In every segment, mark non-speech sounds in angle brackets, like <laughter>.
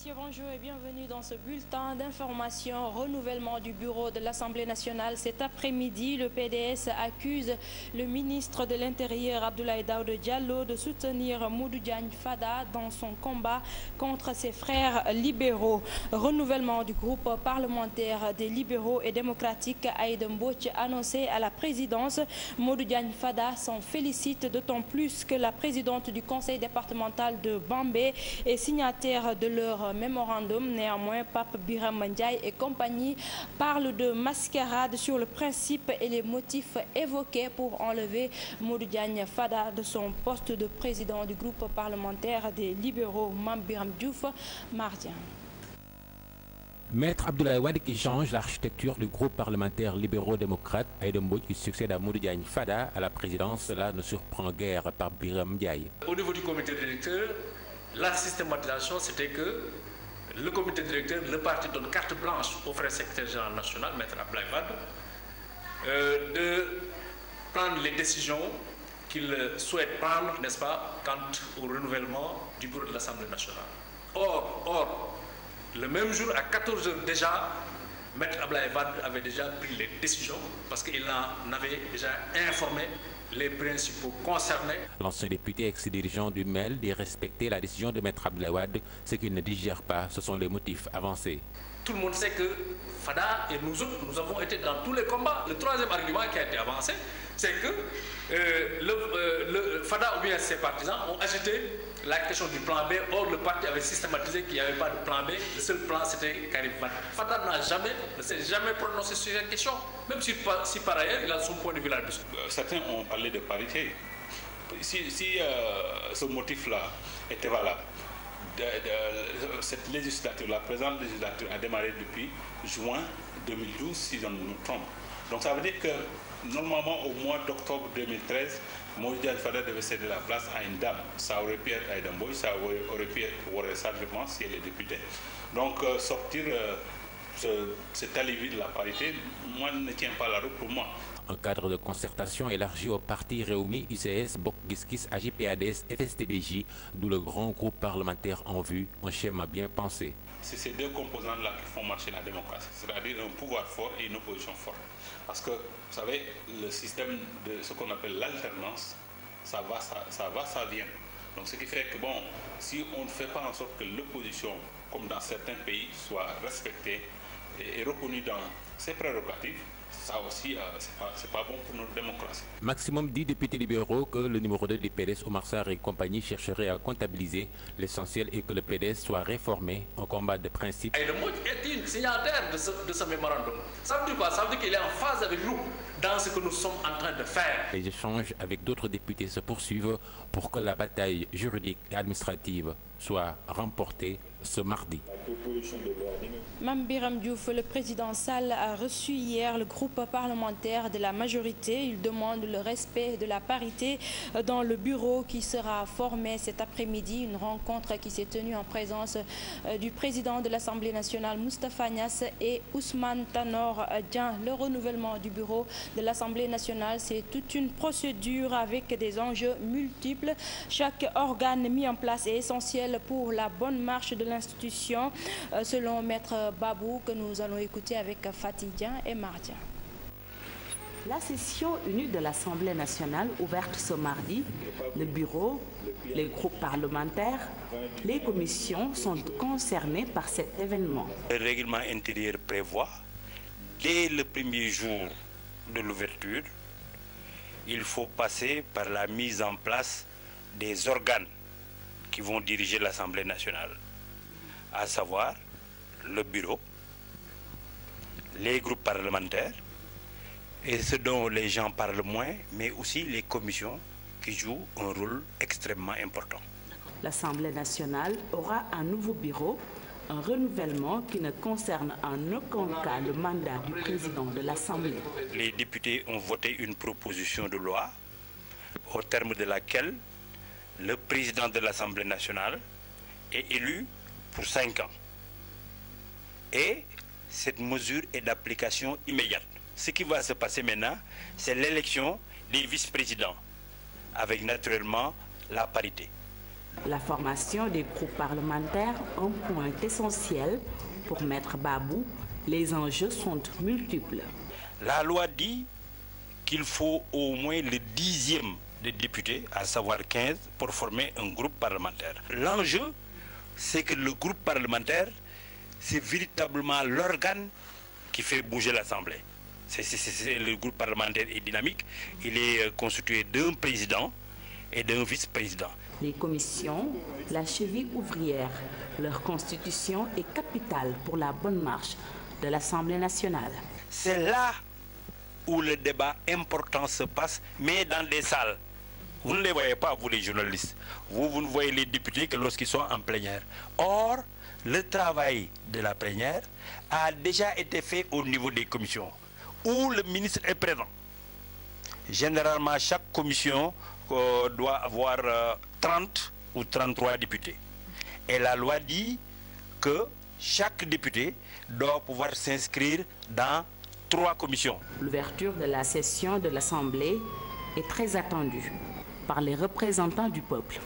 messieurs, bonjour et bienvenue dans ce bulletin d'information renouvellement du bureau de l'Assemblée nationale. Cet après-midi, le PDS accuse le ministre de l'Intérieur, Abdoulaye Daouda Diallo, de soutenir Modou Diagne Fada dans son combat contre ses frères libéraux. Renouvellement du groupe parlementaire des libéraux et démocratiques, Aïd Mbouch, annoncé à la présidence. Modou Diagne Fada s'en félicite, d'autant plus que la présidente du conseil départemental de Bambé est signataire de leur mémorandum. Néanmoins, Pape Biram Ndiaye et compagnie parlent de mascarade sur le principe et les motifs évoqués pour enlever Modou Diagne Fada de son poste de président du groupe parlementaire des libéraux Mame Biram Diouf Mardien. Maître Abdoulaye Wade qui change l'architecture du groupe parlementaire libéraux-démocrate Aïda Mbodj qui Fada à la présidence, cela ne surprend guère par Biram Ndiaye. la systématisation, c'était que le comité directeur, le parti donne carte blanche au frère secrétaire général national, Maître Ablaïvad, euh, de prendre les décisions qu'il souhaite prendre, n'est-ce pas, quant au renouvellement du bureau de l'Assemblée nationale. Or, le même jour, à 14 h déjà, Maître Ablaïvad avait déjà pris les décisions parce qu'il en avait déjà informé les principaux concernés. L'ancien député ex-dirigeant du MEL dit respecter la décision de Maître Abdoulaye Wade, ce qu'il ne digère pas, ce sont les motifs avancés. Tout le monde sait que Fada et nous autres, nous avons été dans tous les combats. Le troisième argument qui a été avancé, c'est que euh, le, euh, le Fada ou bien ses partisans ont agité la question du plan B. Or, le parti avait systématisé qu'il n'y avait pas de plan B. Le seul plan, c'était Karim Wade. Fatal n'a jamais, ne s'est jamais prononcé sur cette question, même si, si par ailleurs, il a son point de vue là-dessus. Euh, certains ont parlé de parité. Si, si euh, ce motif-là était valable, de, de, cette législature, la présente législature a démarré depuis juin 2012, si je ne me trompe. Donc ça veut dire que normalement au mois d'octobre 2013, Moïdiane Fada devait céder la place à une dame. Ça aurait pu être Aïda Mboy, ça aurait, pu sagement si elle est députée. Donc euh, sortir euh, ce, cet la parité, moi, ne tient pas la route pour moi. Un cadre de concertation élargi aux partis réunis UCS, Bok Giskis, AGPADS, d'où le grand groupe parlementaire en vue, un schéma bien pensé. c'est ces deux composantes-là qui font marcher la démocratie, c'est-à-dire un pouvoir fort et une opposition forte. Parce que, vous savez, le système de ce qu'on appelle l'alternance, ça va, ça, ça, va, ça vient. Donc ce qui fait que, bon, si on ne fait pas en sorte que l'opposition, comme dans certains pays, soit respectée et, et reconnue dans ses prérogatives, ça aussi, euh, c'est pas, c'est pas bon pour notre démocratie. Maximum 10 députés libéraux que le numéro 2 du PDS, Oumar compagnie, chercherait à comptabiliser. L'essentiel est que le PDS soit réformé en combat de principe. Et le mot est une signataire de ce, mémorandum. Ça veut dire qu'il est en phase avec nous dans ce que nous sommes en train de faire. Les échanges avec d'autres députés se poursuivent. pour que la bataille juridique et administrative soit remportée ce mardi. Mame le président Sall a reçu hier le groupe parlementaire de la majorité. Il demande le respect de la parité dans le bureau qui sera formé cet après-midi. Une rencontre qui s'est tenue en présence euh, du président de l'Assemblée nationale, Moustapha Niasse, et Ousmane Tanor Dieng. Le renouvellement du bureau de l'Assemblée nationale, c'est toute une procédure avec des enjeux multiples. Chaque organe mis en place est essentiel pour la bonne marche de l'institution, euh, selon Maître Babou, que nous allons écouter avec Fatidien et Mardien. La session unique de l'Assemblée nationale ouverte ce mardi, le bureau, les groupes parlementaires, les commissions sont concernés par cet événement. Le règlement intérieur prévoit, dès le premier jour de l'ouverture, il faut passer par la mise en place des organes qui vont diriger l'Assemblée nationale, à savoir le bureau, les groupes parlementaires et ce dont les gens parlent moins, mais aussi les commissions qui jouent un rôle extrêmement important. L'Assemblée nationale aura un nouveau bureau, un renouvellement qui ne concerne en aucun cas le mandat du président de l'Assemblée. Les députés ont voté une proposition de loi au terme de laquelle le président de l'Assemblée nationale est élu pour cinq ans. Et cette mesure est d'application immédiate. Ce qui va se passer maintenant, c'est l'élection des vice-présidents, avec naturellement la parité. La formation des groupes parlementaires, un point essentiel pour Maître Babou, les enjeux sont multiples. La loi dit qu'il faut au moins le dixième de députés, à savoir 15, pour former un groupe parlementaire. L'enjeu, c'est que le groupe parlementaire, c'est véritablement l'organe qui fait bouger l'Assemblée. le groupe parlementaire est dynamique. Il est euh, constitué d'un président et d'un vice-président. Les commissions, la cheville ouvrière, leur constitution est capitale pour la bonne marche de l'Assemblée nationale. C'est là où le débat important se passe, mais dans des salles Vous ne les voyez pas, vous les journalistes. Vous, vous les députés que lorsqu'ils sont en plénière. le travail de la plénière a déjà été fait au niveau des commissions, où le ministre est présent. Généralement, chaque commission euh, doit avoir euh, 30 ou Et la loi dit que chaque député doit pouvoir s'inscrire dans trois commissions. L'ouverture de la session de l'Assemblée est très par les représentants du peuple.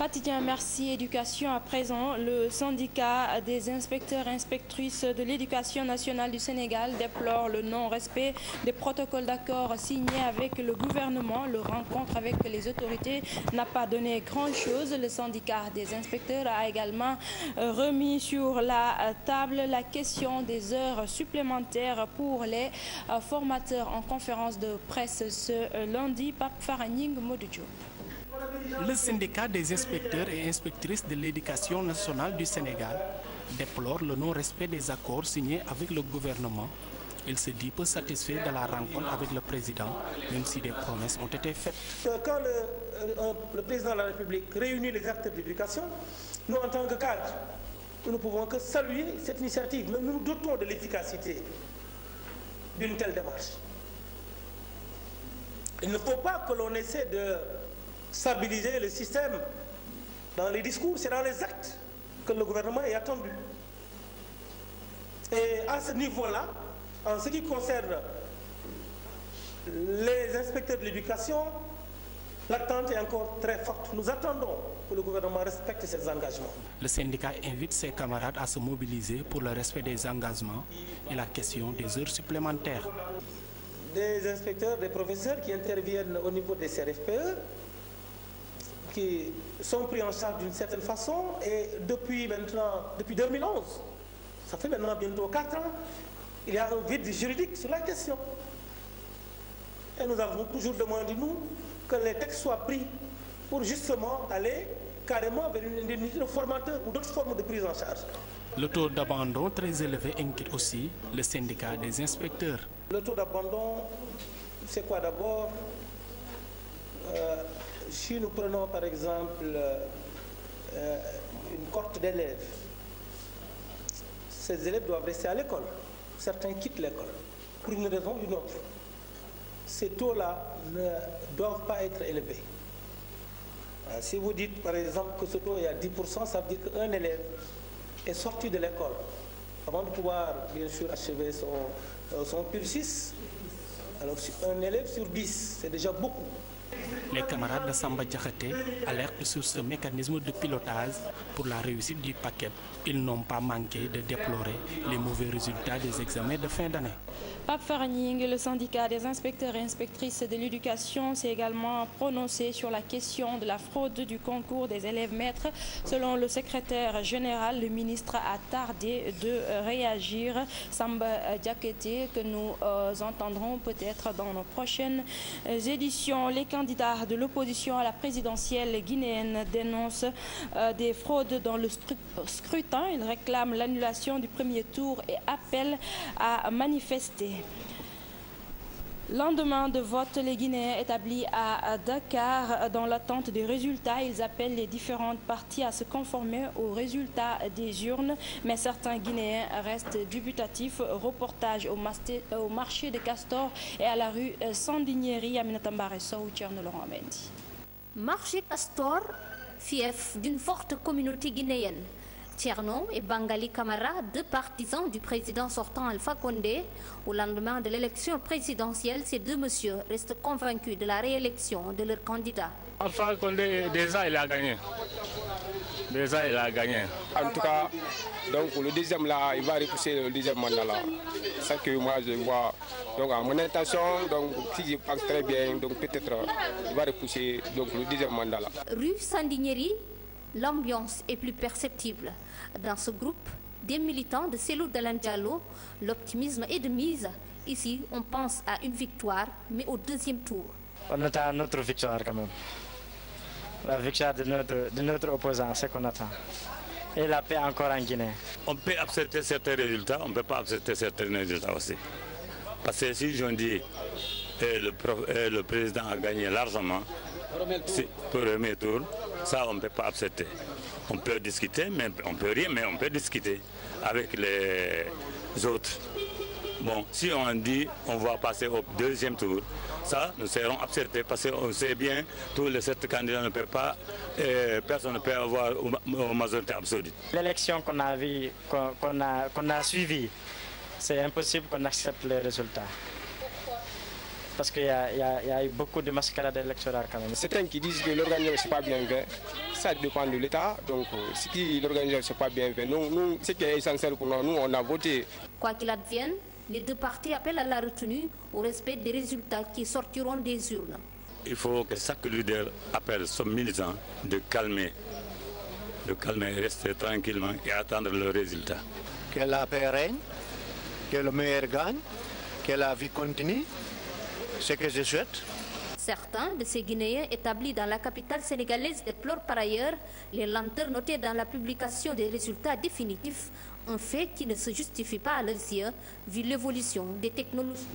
Fatidien, merci. Éducation à présent, le syndicat des inspecteurs et inspectrices de l'éducation nationale du Sénégal déplore le non-respect des protocoles d'accord signés avec le gouvernement. Le rencontre avec les autorités n'a pas donné grand-chose. Le syndicat des inspecteurs a également euh, remis sur la euh, table la question des heures supplémentaires pour les euh, formateurs en conférence de presse ce lundi. Pape Faraning Modou Le syndicat des inspecteurs et inspectrices de l'éducation nationale du Sénégal déplore le non-respect des accords signés avec le gouvernement. Il se dit peu satisfait de la rencontre avec le président, même si des promesses ont été faites. Euh, quand le, euh, le président de la République réunit les acteurs d'éducation, nous en tant que cadres, nous ne pouvons que saluer cette initiative. Nous nous dotons de l'efficacité d'une telle démarche. Il ne faut pas stabiliser le système dans les discours, c'est dans les actes que le gouvernement est attendu. Et à ce niveau-là, en ce qui concerne les inspecteurs de l'éducation, L'attente est encore très forte. Nous attendons que le gouvernement respecte ses engagements. Le syndicat invite ses camarades à se mobiliser pour le respect des engagements et la question des heures supplémentaires. Des inspecteurs, des professeurs qui interviennent au niveau des CRFPE qui sont pris en charge d'une certaine façon et depuis maintenant, depuis 2011, ça ans, il y a un vide juridique sur la question. Et nous avons toujours demandé, nous, que les textes soient pris pour justement aller carrément vers une indemnité de formateur ou d'autres formes de prise en charge. Le taux d'abandon très élevé inquiète aussi le syndicat des inspecteurs. Le taux d'abandon, c'est quoi d'abord euh, si nous prenons par exemple euh, une cohorte d'élèves, ces élèves doivent rester à l'école. Certains quittent l'école pour une raison ou une autre. Ces taux-là ne doivent pas être élevés. Alors, euh, si vous dites par exemple que ce taux est à 10%, ça veut dire qu'un élève est sorti de l'école avant de pouvoir bien sûr achever son, euh, son cursus. Alors un élève sur 10, c'est déjà beaucoup. les camarades de Samba Diakhaté alertent sur ce mécanisme de pilotage pour la réussite di paquet. ils n'ont pas manqué de déplorer les mauvais résultats des examens de fin d'année. Pape Farning, le syndicat des inspecteurs et inspectrices de l'éducation, s'est également prononcé sur la question de la fraude du concours des élèves maîtres. Selon le secrétaire général, le ministre a tardé de réagir. Samba Diakete, que nous euh, entendrons peut-être dans nos prochaines éditions. Les candidats de l'opposition à la présidentielle guinéenne dénoncent euh, des fraudes bulletin. Il réclame l'annulation du premier tour et appelle à manifester. Lendemain de vote, les Guinéens établis à Dakar dans l'attente des résultats, ils appellent les différentes parties à se conformer aux résultats des urnes. Mais certains Guinéens restent dubitatifs. Reportage au, master, au marché des Castors et à la rue Sandinieri, Aminata Mbaresso ou Tierno Laurent Mendy. Marché Castor, fief d'une forte communauté guinéenne. Tcherno et Bangali Kamara, deux partisans du président sortant Alpha Condé. Au lendemain de l'élection présidentielle, ces deux messieurs restent convaincus de la réélection de leur candidat. Alpha Condé, déjà, il a a gagné. En tout cas, donc, le deuxième là, il va repousser le deuxième mandat là. Rue Sandinieri, l'ambiance est plus perceptible. Dans ce groupe des militants de Cellou Dalein l'optimisme est de mise. Ici, on pense à une victoire, mais au deuxième tour. On attend à notre victoire quand même. La Et la paix encore en Guinée. On peut accepter certains résultats, on ne peut pas accepter certains résultats aussi. Parce que si je dis eh, le, eh, le président a gagné largement, si, premier tour, ça on ne peut pas accepter. On peut discuter, mais on peut rien, mais on peut discuter avec les autres. Bon, si on dit on va passer au deuxième tour, ça, nous serons acceptés parce qu'on sait bien tous les sept candidats ne peuvent pas, et euh, personne ne peut avoir une majorité absolue. L'élection qu'on a, vu, qu'on a, qu'on a suivie, c'est impossible qu'on accepte les résultats. parce qu'il y, beaucoup de mascarades électorales quand Certains qui disent que l'organisation n'est pas bien fait, euh, ce qui est essentiel pour nous, nous a voté. Quoi qu'il advienne, les deux partis appellent à la retenue au respect des résultats qui sortiront des urnes. Il faut que chaque leader appelle son militant de calmer, de calmer, rester tranquillement et attendre le résultat. Que la paix règne, que meilleur gagne, que la vie continue. ce que je souhaite. Certains de ces Guinéens établis dans la capitale sénégalaise déplorent par ailleurs les lenteurs notées dans la publication des résultats définitifs, un fait qui ne se justifie pas à leurs yeux vu l'évolution des technologies.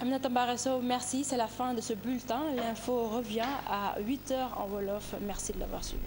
Aminata Mbaré Sow, merci. C'est la fin de ce bulletin. L'info revient à 8 heures en Wolof. Merci de l'avoir suivi.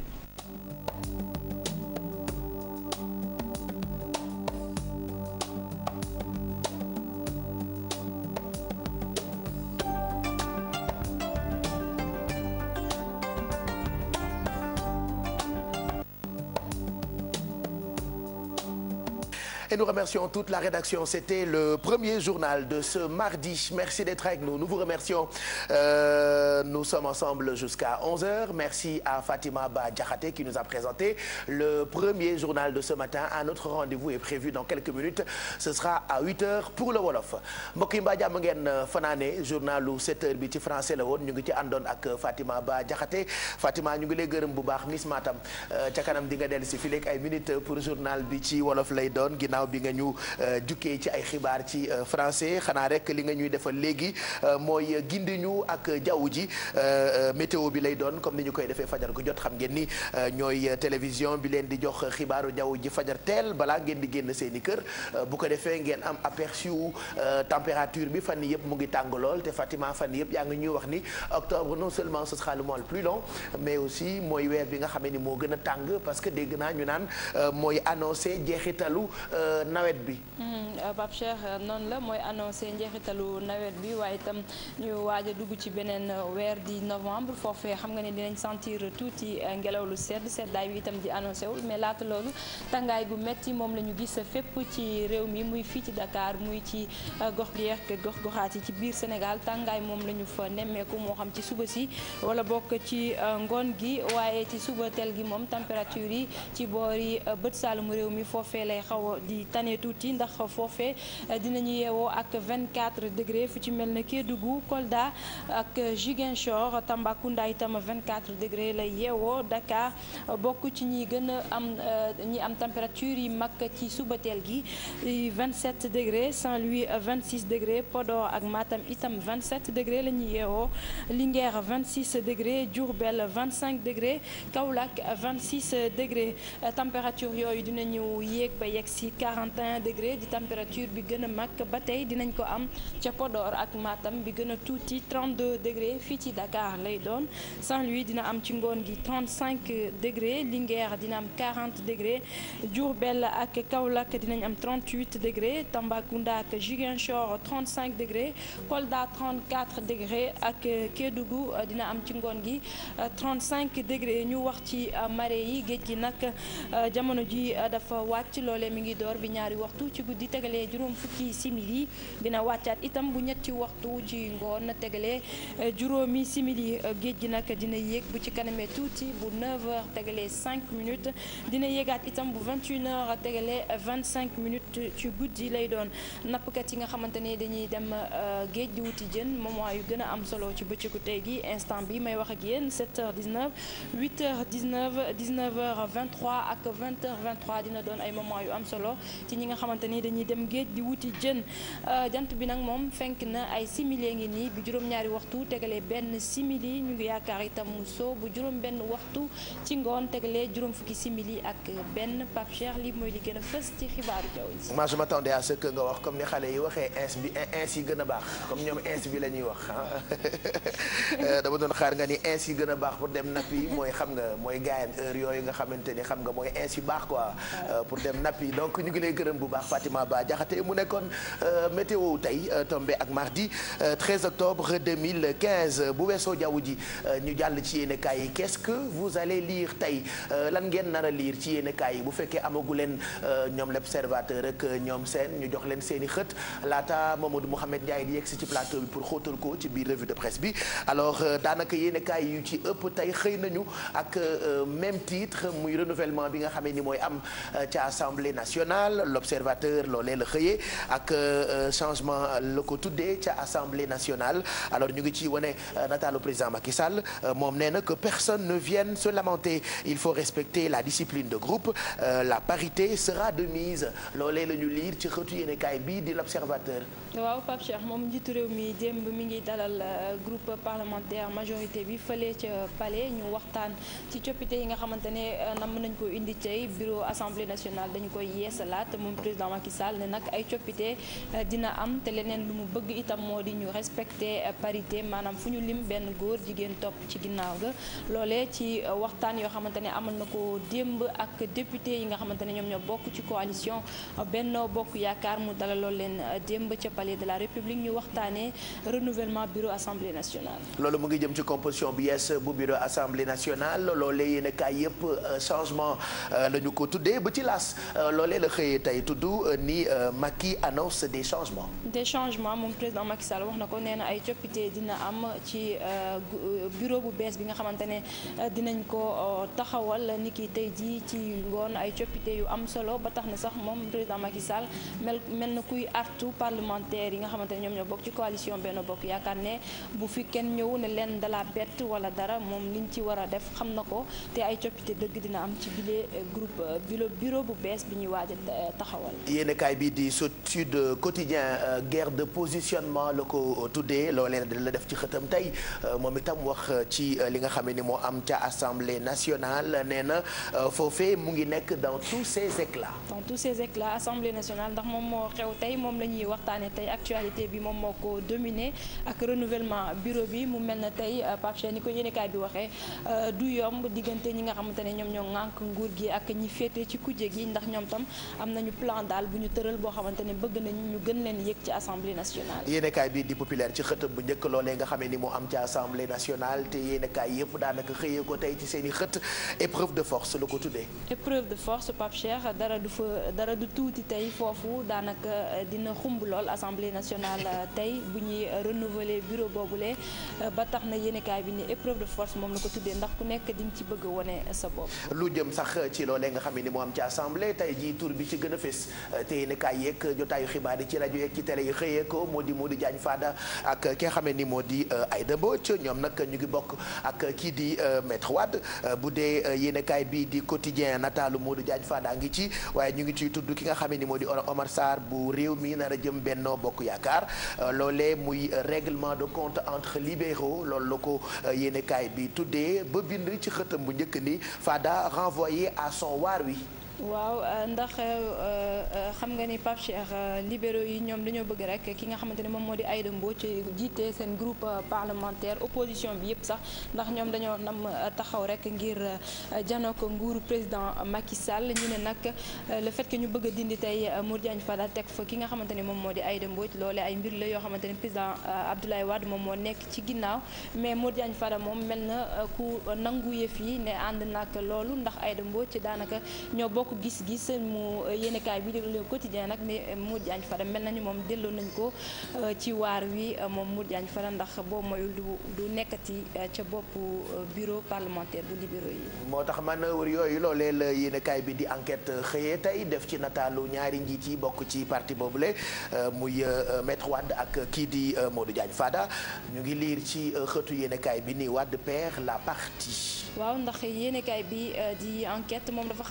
nous remercions toute la rédaction. C'était le premier journal de ce mardi. Merci d'être avec nous. Nous vous remercions. Euh, nous sommes ensemble jusqu'à 11h. Merci à Fatima Badjakate qui nous a présenté le premier journal de ce matin. Un autre rendez-vous est prévu dans quelques minutes. Ce sera à 8h pour le Wolof. mbokk yi mbaa jàmm ngeen euh, fanaane journalu bi ci français la woon ñu ngi ci àndoon ak euh, Fatima Badjakate Fatima ñu ngi lay gërëm bu baax Miss Matam euh, ca di nga dellu si fileeg ay minutes pour journal bi ci wolof lay bi nga ñu euh, jukkee ci ay xibaar ci euh, français xanaa rek li nga ñuy defal léegi euh, mooy gindi ñu ak jaww ji météo bi lay doon comme ni ñu koy defee fajar gu jot xam ngeen ni ñooy télévision bi leen di jox xibaaru jaww ji fajar teel balaa ngeen di génn seeni kër bu ko defee ngeen am aperçu température bi fan yëpp mu ngi tàng lool te Fatima fan yëpp yaa ngi ñuy wax ni octobre non seulement ce sera le mois le plus long mais aussi mooy weer bi nga xamee ni moo gën a tàng parce que dégg naa ñu naan mooy annoncé jeexitalu. nawet bi. Hmm, euh, Pape Cheikh euh, noonu la mooy annoncé njeexitalu nawet bi waaye itam ñu waaj a dugg ci beneen euh, weer di novembre foofee xam nga ne dinañ sentir tuuti ngelaw lu sedd seddaay bi itam di annoncé wul mais laata loolu tàngaay gu metti moom lañu ñu gis fépp ci réew mi muy fii ci dakaar muy ci gox gi yeex gox goxaat yi ci biir Sénégal tàngaay moom la ñu fa nemmeeku moo xam ci suba si wala bokk ci ngoon gi waaye ci suba tel gi moom température yi ci boori bët saalumu di tane tuuti ndax foofe eh, dinañu yeewoo ak 24 degré fu ci mel ne Kédougou Kolda ak Ziguinchor Tambacounda itam 24 degré lay yeewoo Dakar bokk ci ñi gën a am eh, ñi am température yi mag ci suba teel gi 27 eh, degré Saint-Louis 26 degré Podor ak Matam itam 27 degré la ñuy yeewoo Linguère 26 degré Diourbel 25 degré Kaolack 26 degré température yooyu dinañu yéeg ba yegg 41 degré di température bi gën a mag ba tey dinañ ko am ca Podor ak Matam bi gën a tuuti 32 degré fii ci Dakar lay doon Saint-Louis dina am ci ngoon gi 35 degré Linguère dina am 40 degré Diourbel ak Kaolack dinañ am 38 degré Tambacounda ak Ziguinchor 35 degré Kolda 34 degré ak Kédougou dina am ci ngoon gi 35 degré ñu wax ci marée yi géej gi nag jamono ji dafa wàcc loolee mi ngi door bi ñaari waxtu ci guddi tegalee juróom fukki simili dina wàccaat itam bu ñetti waxtu ci ngoon tegalee eh, juróomi simili eh, géej gi nag dina yéeg bu ci kanamee tuuti bu 9h tegalee 5 minutes dina yéegaat itam bu 21h tegalee 25 minutes ci guddi lay doon nappkat yi nga xamante ne dañuy dem eh, géej di wuti jën moment yu gën a am solo ci bëccëgu tey gi instant bi may wax ak yéen 7h19 8h19 19h23 ak 20 h dina doon ay moment yu am solo. ci ñi nga xamante ni dañuy dem géej di wuti jën euh, jant bi nag moom fenk na ay simili ngi nii bu juróom-ñaari waxtu tegalee benn simili ñu ngi yaakaar itam mu soo bu juróom benn waxtu ci ngoon tegalee juróom fukki simili ak benn Pape Cheikh mooy li gën a fës ci xibaaru jaww ji. moi je m'attendais à ce que nga wax comme ni xale yi waxee ins bi ins yi gën a baax comme ñoom ins bi la ñuy wax ah <laughs> euh, dama doon xaar nga ni ins yi gën a baax pour dem nappi mooy xam nga mooy gaayan heure yooyu nga xamante ni xam nga mooy ins baax quoi euh, pour dem nappi lay gërëm bu baax Fatima Ba Diakhaté mu nekkoon euh, météo tey euh, tombé ak mardi 13 euh, octobre 2015 bu weesoo jaww ji ñu jàll ci yéen kaay yi qu'est-ce que vous allez lire tey lan ngeen nar a lire ci yéen kaay yi bu fekkee amagu leen ñoom l'observateur ak ñoom seen ñu jox leen seen i xët laata Mamadou Mouhamed Ndiaye di yegsi ci plateau bi pour xóotal ko ci biir revue de presse bi alors daanaka yéen kaay yu ci ëpp tey xëy nañu ak même titre muy renouvellement bi nga xamee ni mooy am ca nationale l'observateur loolee la xëyee ak euh, changement la ko tuddee ca assemblée nationale alors ñu ngi ci wane euh, nataalu président Macky euh, moom nee na que personne ne vienne se lamenter il faut respecter la discipline de groupe la parité sera de mise loolee la ñu liir ci xëtu yéenekaay bi di l'observateur waaw Pape Cheikh moom njiitu réew mi démb mi ngi dalal groupe parlementaire majorité bi fële ca palais ñu waxtaan ci coppite yi nga xamante ne nam nañ ko indi ci bureau xalaat moom président Macky Sall ne nag ay coppite eh, dina am te leneen lu mu bëgg itam moo di ñu respecté eh, parité maanaam fu ñu lim benn góor jigéen topp ci ginnaaw ga loole ci eh, waxtaan yoo xamante ne amal na ko démb ak député yi nga xamante ne ñoom ñoo bokk ci coalition Benno Bokk Yaakaar mu lool leen démb ca palais de la République ñu waxtaanee renouvellement bureau assemblée nationale. loolu mu ngi jëm ci composition bi yees bu bureau assemblée nationale loolee yëpp changement la ko tuddee ba xëyee tey tudd ni Macky annonce des changements. des changements moom président Macky Sall wax na ko nee na ay coppite dina am ci euh, bureau bu bees bi nga xamante ne euh, dinañ ko euh, taxawal ni ki tey ji ci ngoon ay coppite yu am solo ba tax na sax moom président Macky Sall mel mel na kuy artu parlementaire yi nga xamante ne ñoom ñoo bokk ci coalition benn Bokk Yaakaar ne bu fi kenn ñëw ne leen dala bett wala dara moom liñ ci war a def xam na ko te ay coppite dëgg dina am ci bile groupe bureau bu bees bi ñuy waajal taxawal. yéenekaay bi di Sud Quotidien euh, guerre de positionnement la ko tuddee loolee la def ci xëtam tey euh, moom itam wax ci euh, li nga xam ne ni moo am ca assemblée nationale nee na foofee mu ngi nekk dans tous ses ecla dans tous ses éclats assemblée nationale ndax moom moo xew tey moom la ñuy waxtaanee tey actualité bi moom moo ko dominé ak renouvellement bureau bi mu mel na tey Pape ni ko yéenekaay bi waxee du yomb diggante ñi nga xamante ne ñoom ñoo ŋànk nguur gi ak ñi féete ci kujje gi ndax ñoom tam. am nañu plan daal bu ñu tëral boo xamante ne bëgg nañu ñu gën leen yëg ci assemblée nationale. yéenekaay bii di populaire ci xëtëm bu njëkk loolee nga xamee ni moo am ci assemblée nationale yëpp daanaka xëyee ko tey ci seen i xët épreuve de force la ko tuddee. épreuve de force Pape Cheikh dara du fa dara du tuuti tey foofu daanaka dina xumb lool assemblée <laughs> tey bu ñuy renouveler bureau boobule ba tax na yéenekaay bi ni épreuve de force moom la ko tuddee ndax ku nekk di nga ci bëgg a wone sa bopp. lu jëm sax ci loolee nga xam ni moo am ci assemblée tey jii tur bi ci gën a fés te yéen kaay jotaayu xibaar yi ci rajo yeeg ci télé yi xëyee ko moo di Modou Diagne Fada ak ki nga xam ne ni moo di euh, Aïda Mbodj ñoom nag ñu ngi bokk ak kii di euh, maître Wade euh, bu dee yéen kaay bii di quotidien nataalu Modou Diagne Fada ngi ci waaye ñu ngi ciy tudd ki nga xam ni moo di Omar saar bu réew mi nar a jëm bennoo Bokk Yaakaar loolee muy règlement de compte entre libéraux lool la ko yéen kaay bi tuddee ba bind ci xëtam bu njëkk ni Fada renvoyé waar wi waaw euh, ndax euh, euh, xam nga ni Pape Cheikh yi ñoom dañoo bëgg rek ki nga xamante ne moom moo di Aïda Mbodj jiite seen groupe parlementaire opposition bi yëpp sax ndax ñoom dañoo nam taxaw rek ngir janoo ko nguuru président Macky Sall ñu ne nag le fait ñu bëgg a dindi tey Mour Diagne Fada teg fa ki nga xamante ne moom moo di Aïda Mbodj loole ay mbir la yoo xamante ne président Abdoulaye Wade moom moo nekk ci ginnaaw mais Mour Diagne Fada moom mel na ku nangu yëf yi ne ànd loolu ndax Aïda Mbodj daanaka ñoo bokk bokk gis-gis mu euh, yéenekaay bi di Le Quotidien nag ne euh, Modou Diagne Fada mel nañu moom delloo nañ ko euh, ci waar wi moom Modou Diagne Fada ndax boo moyul du du nekkati ca bopp bureau parlementaire bu libéraux yi. moo tax man wër yooyu loolee la yéenekaay bi di enquête xëyee tey def ci nataalu ñaari njiit yi bokk ci parti boobule muy maître wadd ak kii di Modou Diagne Fada ñu ngi liir ci xëtu yéenekaay bi ni Wade perd la partie. waaw ndax yéenekaay bi di enquête moom dafa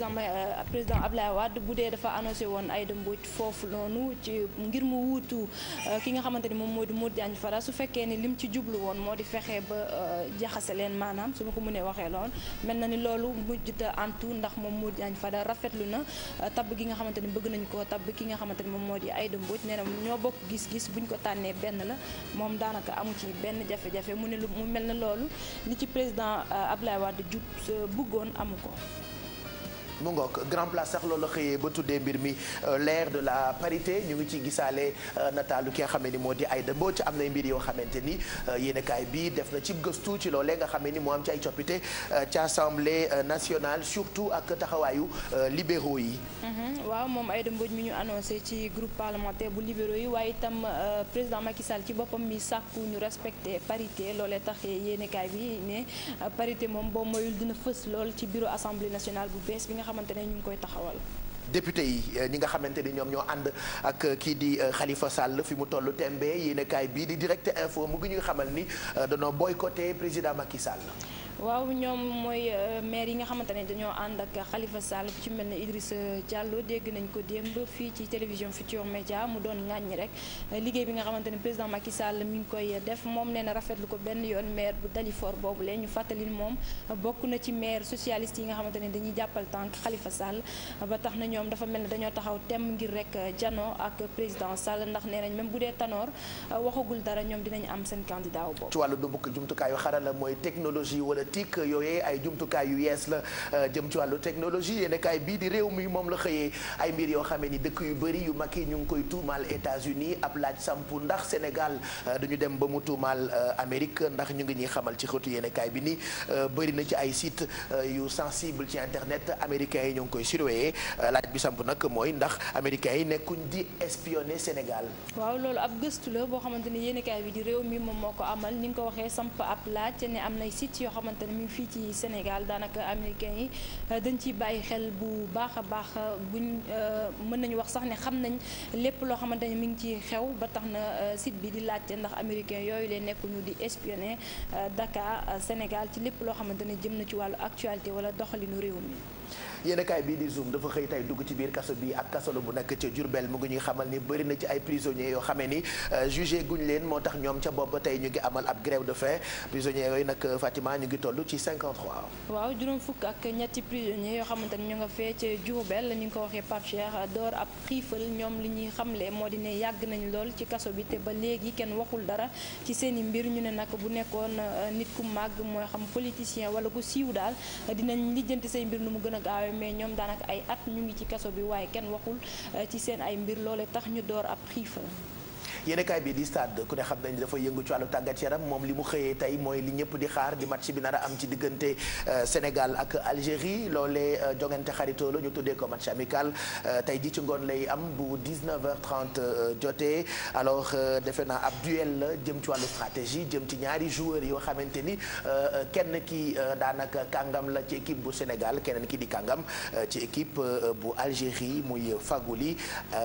président may euh, président Ablaye Wade bu dee dafa annoncé woon Aïda Mbodj foofu noonu ci ngir mu wuutu euh, ki nga xamante ni moom moo di Modou Diagne Fada su fekkee ni lim ci jublu woon moo di fexe ba euh, jaxase leen maanaam su ma ko mënee waxee lool mel na ni loolu mujjta antu ndax moom Modou Diagne rafetlu na tabb gi nga xamante ni bëgg nañ koo tabb ki nga xamante ni moom moo di Aïda Mbodj nee na ñoo bokk gis-gis buñ ko tànnee benn la moom daanaka amu ci benn jafe-jafe mu ne lu mu mel na loolu li ci président Ablaye Wade jub bëggoon amu ko mu ngoog grand place sax loolu xëyee ba tuddee mbir mi euh, l'ère de la parité ñu ngi ci gisaale euh, nataalu ki nga xam ne ni moo di Aïda Mbodj am na mbir yoo xamante ni euh, yéenekaay bi def na ci gëstu ci loolee nga xam ni moo am ci ay coppite ci assemblée nationale surtout ak taxawaayu libéraux yi. Mhm. waaw moom Aïda Mbodj mi ñu annoncé ci groupe parlementaire bu libéraux yi waaye itam président Macky ci boppam mi sàkku ñu respecté parité loolee tax yéenekaay bi ne parité moom xamante ne ñu ngi koy taxawal. député yi euh, ñi nga xamante ni ñoom ñoo ànd ak euh, kii di xalifa euh, Sall fi mu toll tembe yéenekaay bii di direct info mu ngi ñuy xamal ni danoo boycotté président Macky Sall. waaw ñoom mooy euh, maire yi nga xamante ne dañoo ànd ak xalifa Sall ku ci mel ne Idrissa jàlloo dégg nañ ko démb fii ci télévision Futurs Médias mu doon ŋàññi rek liggéey bi nga xamante ne président Macky Sall mi ngi koy def moom nee na rafetlu ko benn yoon maire bu Dalifort boobu lee ñu fàttalil moom bokk na ci maire socialiste yi nga xamante ne dañuy jàppal tànk Khalifa Sall ba tax na ñoom dafa mel ne dañoo taxaw temm ngir rek jano ak président Sall ndax nee nañ même bu dee tanoor waxagul dara ñoom dinañ am seen candidat boobu. ci wàllu jumtukaayu xarala mooy technologie wala TIC euh, yooyee ay jumtukaay yu yees la euh, jëm ci wàllu technologie yéen kaay bii di réew mi moom la xëyee ay mbir yoo xamee ni dëkk yu bëri yu mag yi ñu ngi koy tuumaal États-Unis ab laaj sampu ndax Sénégal euh, duñu dem ba mu tuumaal Amérique ndax ñu ngi ñuy xamal ci xëtu yéen bi ni bëri na ci ay site yu sensible ci internet américains yi ñu ngi koy surveiller laaj bi samp nag mooy ndax américains yi nekkuñ di espionner Sénégal. waaw loolu ab gëstu la boo ko waxee samp ab laaj ne am nay site yoo xamante xamante ne mi ngi fii ci Sénégal daanaka américain yi euh, dañ ciy bàyyi xel bu baax a baax euh, buñ euh, mën nañu wax sax ne xam nañ lépp loo xamante ne mi ngi ci xew ba tax na sit bi di laajte ndax américain yooyu leen nekkuñu di espionner Dakar Sénégal ci lépp loo xamante ne jëm na ci wàllu actualité wala doxalinu réew mi yéenekaay bii di Zoom dafa xëy tey dugg ci biir kaso bi ak kaso la bu nekk ca Jurbel mu ngi ñuy xamal ni bëri ci ay prisonniers yoo xamee ni euh, jugé guñ leen moo tax ñoom ca bopp tey ñu ngi amal ab grève de faim prisonniers yooyu nag euh, Fatima ñu ngi tollu ci 53. waaw juróom fukk ak ñetti prisonniers yoo xamante ni ñu nga fee ca Jurbel ni nga ko waxee Pape Cheikh euh, door ab xiifal ñoom li ñuy xamle moo di ne yàgg nañu lool ci kaso bi te ba léegi kenn waxul dara ci seen i mbir ñu ne nag bu nekkoon nit ku màgg mooy xam politicien wala ku siiw daal dinañ lijjanti say mbir mu gën a mais ñoom daanaka ay at ñu ngi ci kaso bi waaye kenn waxul euh, ci seen ay mbir loole tax ñu door ab xiifa yéenekaay bi di stade ku ne xam nañ dafa yëngu ci wàllu tàggat yaram moom li mu xëyee tey mooy li ñëpp di xaar di match bi nar a am ci diggante euh, Sénégal ak Algérie loolee euh, jongante xaritoo la ñu tuddee ko match amical euh, tey ji ci ngoon lay am bu 19h30 jotee alors defe naa ab duel jëm ci wàllu stratégie jëm ci ñaari joueurs yoo xamante ni kenn ki daanaka kàngam la ci équipe bu Sénégal keneen ki di kàngam ci équipe bu Algérie muy Fagouli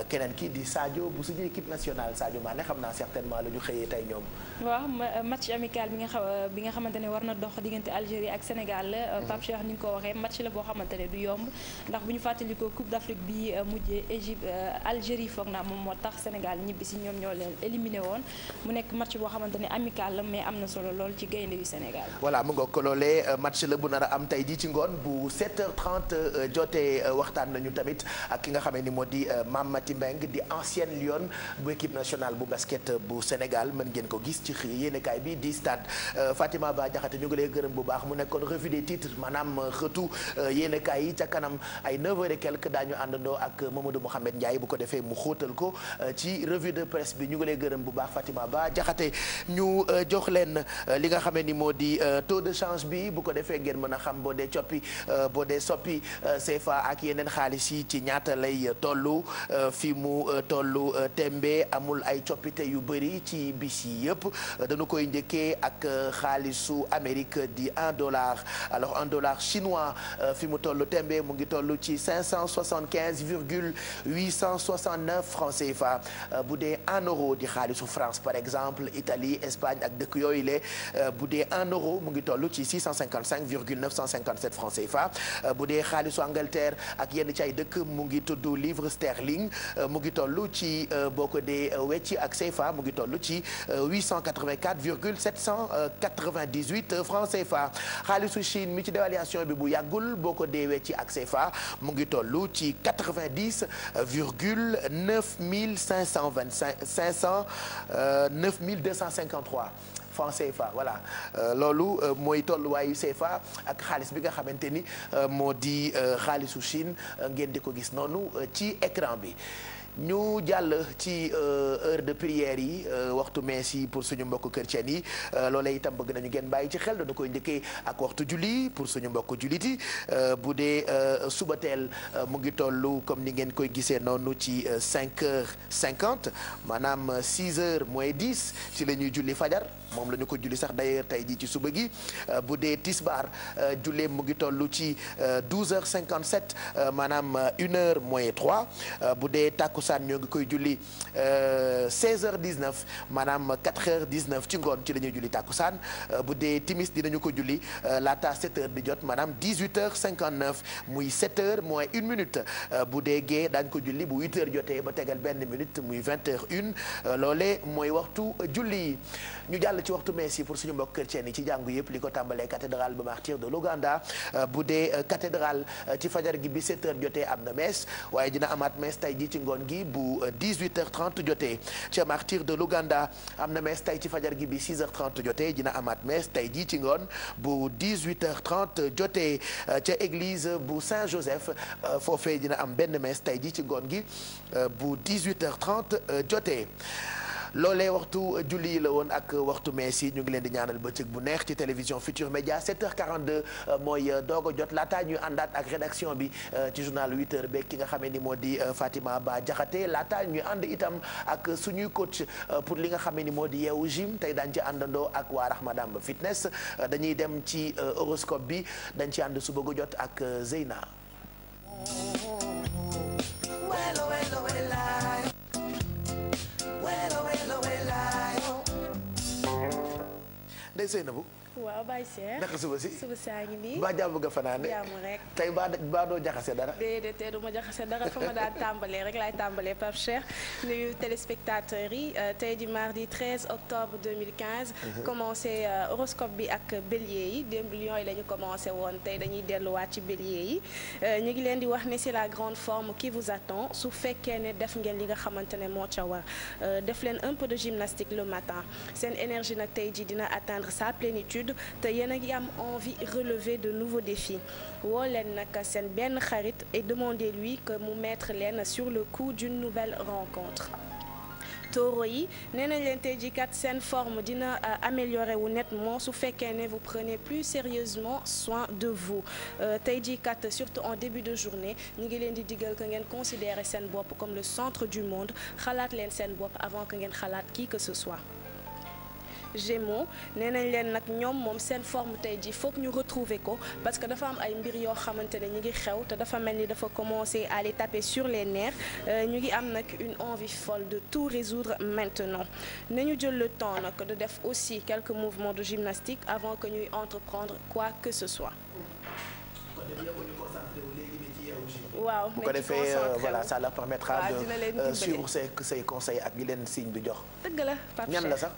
keneen ki di Sadio bu suñu équipe nationale Sadio Mané waxtaane xam naa certainement la ñu xëyee tey ñoom. waaw euh, match amical bi nga xam euh, bi nga xamante ne war na dox diggante Algérie ak Sénégal la. Euh, mhm. Pape Cheikh ni nga ko waxee match la boo xamante ne du yomb ndax bu ñu fàttalikoo Coupe d'Afrique bi mujjee Égypte Algérie foog naa moom moo tax Sénégal ñibbi si ñoom ñoo leen éliminé woon mu nekk match boo xamante ne amical mais am na solo lool ci gaynde yu Sénégal. wala mu nga ko loolee match la bu nar am tey jii ci ngoon bu 7h30 jotee waxtaan nañu tamit ak ki nga xam ni moo di Mamati Mbengue di ancienne Lionne bu bu basket bu Sénégal mën ngeen ko gis ci xii yéenekaay bi di stade euh, Fatima Ba Jaxate ñu ngi lay gërëm bu baax mu nekk revue des titres maanaam euh, xëtu euh, yéenekaay yi ca kanam ay 9h et quelque daañu àndandoo ak Mamadou Mouhamed Ndiaye bu ko defee mu xóotal ko ci revue de bi ñu ngi lay gërëm bu baax Fatima Ba Jaxate ñu jox leen li nga xamee ni moo di taux de change bi bu ko defee ngeen mën a xam boo dee coppi boo dee soppi CFA ak yeneen xaalis yi ci ñaata lay tollu fi mu tollu tembe amul ay coppite yu bëri ci bis yi yëpp dañu koy njëkkee ak euh, xaalisu Amérique di un dollar alors un dollar chinois euh, fi mu toll tembe mu ngi toll ci cinq cent soixante quinze virgule huit cent soixante neuf euh, bu dee un euro di xaalisu France par exemple Italie Espagne ak dëkk yooyu le bu dee un euro mu ngi toll ci six cent cinquante cinq virgule neuf cent cinquante sept bu dee xaalisu Angleterre ak yenn ci ay dëkk mu ngi tudd livre sterling mu ngi tollu ci boo ko dee wecc ci ak CFA mu ngi toll ci 884 euh, virgule 798 euh, francs CFA xaalisu Chine mi ci dévaluation bi bu yàggul boo ko deewee ci ak CFA mu ngi tollu ci 90 euh, virgule 9525 500 9253 francs CFA voilà loolu mooy tolluwaayu CFA ak xaalis bi nga xamante ni moo di xaalisu Chine ngeen di ko gis noonu ci écran bi ñu jàll ci euh, heure de prière yi euh, waxtu mees yi pour suñu mbokk chrétien yi euh, loolee itam bëgg nañu ngeen bàyyi ci xel dañu koy njëkkee ak waxtu julli pour suñu mbokk julliti bu dee suba teel mu ngi tollu comme ni ngeen koy gisee noonu ci 5 heures cinquante maanaam 6 heures moins 10 ci la ñuy julli fajar moom la ñu ko julli sax d'ailleurs tey jii ci suba gi bu dee tisbaar jullee mu ngi tollu ci 12 heures 57 maanaam 1 heure moins 3 bu dee tàkku takkusaan ñoo ngi koy julli 16h19 euh, maanaam 4h19 ci ngoon ci la ñuy julli takkusaan euh, bu dee timis dinañu ko julli euh, laata 7h di jot maanaam 18h59 muy 7h moins 1 minute bu dee gee daañu ko julli bu 8h jotee ba tegal benn minute muy 20h01 loolee mooy waxtu julli ñu jàll ci waxtu mees yi pour suñu mbokk chrétien yi ci jàngu yëpp li ko tàmbalee cathédrale ba martyr de l'Ouganda bu dee cathédrale ci fajar gi bi 7 jotee am na mees waaye dina amaat mees tey jii ci ngoon gi. gi bu 18h30 euh, jotee ca martyr de l'Ouganda am na mees tey ci fajar gi bi 6h30 jotee dina amaat mees tey jii ci ngoon bu 18h30 jotee euh, ca église bu Saint-Joseph euh, foofee dina am benn mees tey jii ci ngoon gi bu 18h30 jotee. loolee waxtu julli yi la woon ak waxtu mees yi ñu ngi leen di ñaanal cëg bu neex ci télévision Futur Média 7h42 mooy doog a jot laataa ñuy àndaat ak rédaction bi euh, ci journal 8 beek ki nga xamee ni moo di euh, Fatima Ba Diakhaté laataa ñuy ànd itam ak suñuy coach euh, pour li nga xamee ni moo di yeewu gym tey daañu ci àndandoo ak waa Rahmadam fitness dañuy dem ci horoscope bi dañ ci ànd suba gu jot ak Zeyna. day Seynabou waaw Baye Cheikh naka suba si suba saa ngi nii baa jàmm nga fanaane jàmm rek tey baa baa doo jaxase dara déedéet tey du ma jaxase dara fa ma daan tàmbalee rek laay tàmbalee Pape Cheikh nuyu téléspectateurs yi euh, tey di mardi octobre 2015 mhm. commencé euh, bi ak bélier yi démb lion yi la ñu commencé woon tey dañuy delluwaat ci bélier yi euh, ñu ngi leen di wax ne c'est la grande forme qui vous attend su fekkee ne def ngeen li nga xamante ne moo ca war def leen un peu de le matin seen sud te yéen a ngi am envie relever de nouveaux défis woo leen nag seen benn xarit et demandez-lui que mu mettre leen sur le coup d'une nouvelle rencontre taureau yi nee nañ leen tey jii kat seen forme dina euh, améliorer wu nettement su fekkee ne vous prenez plus sérieusement soin de vous euh, tey jii kat surtout en début de journée ñu ngi leen di digal que ngeen considérer seen bopp comme le centre du monde xalaat leen seen bop avant que ngeen xalaat qui que ce soit. Gémeaux nee nañ leen nag ñoom moom seen forme tey ji foog ñu retrouver ko parce que dafa am ay mbir yoo xamante ne ñu ngi xew te dafa mel ni dafa commencer à les taper sur les nerfs euh, ñu ngi am nag une envie folle de tout résoudre maintenant ñu jël le temps nag de def aussi quelques mouvements de gymnastique avant que ñuy entreprendre quoi que ce soit. waaw bu ko defee voilà ça la permettra de euh, suivre say say ak gi leen signe bi jox. dëgg la Pape ñan la sax.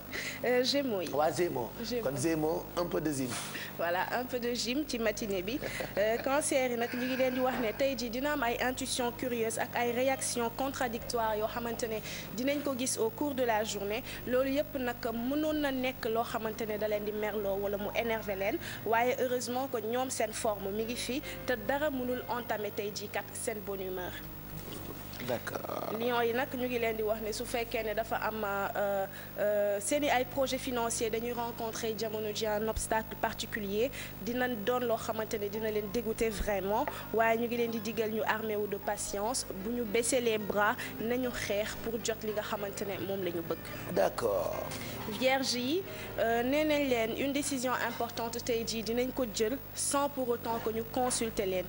Euh, Gémeaux yi waa Gémeaux. kon Gémeaux peu de gym. voilà un de gym ci matinée bi <laughs> euh, cancer yi nag ñu ngi leen di wax ne tey jii dina am ay intuition curieuse ak ay réaction contradictoire yoo xamante ne dinañ ko gis au cours de la journée loolu yëpp nag mënoon na nekk loo xamante ne da leen di merloo wala mu énervé leen waaye heureusement ko ñoom seen forme mi ngi fi te dara mënul entamer tey jii kat seen bonne humeur d'accord Lions yi nag ñu ngi leen di wax ne su fekkee ne dafa am euh, euh, seen i ay projet financier dañuy rencontrer jamono ji un obstacle particulier dina doon loo xamante ne dina leen dégoûter vraiment waaye ñu ngi leen di digal ñu armee wu de patience bu ñu baisser les bras nañu xeex pour jot li nga xamante ne moom la ñu bëgg. d'accord. Vierge yi euh, nee nañ leen une décision importante tey jii dinañ ko jël sans pour autant que ñu consulter leen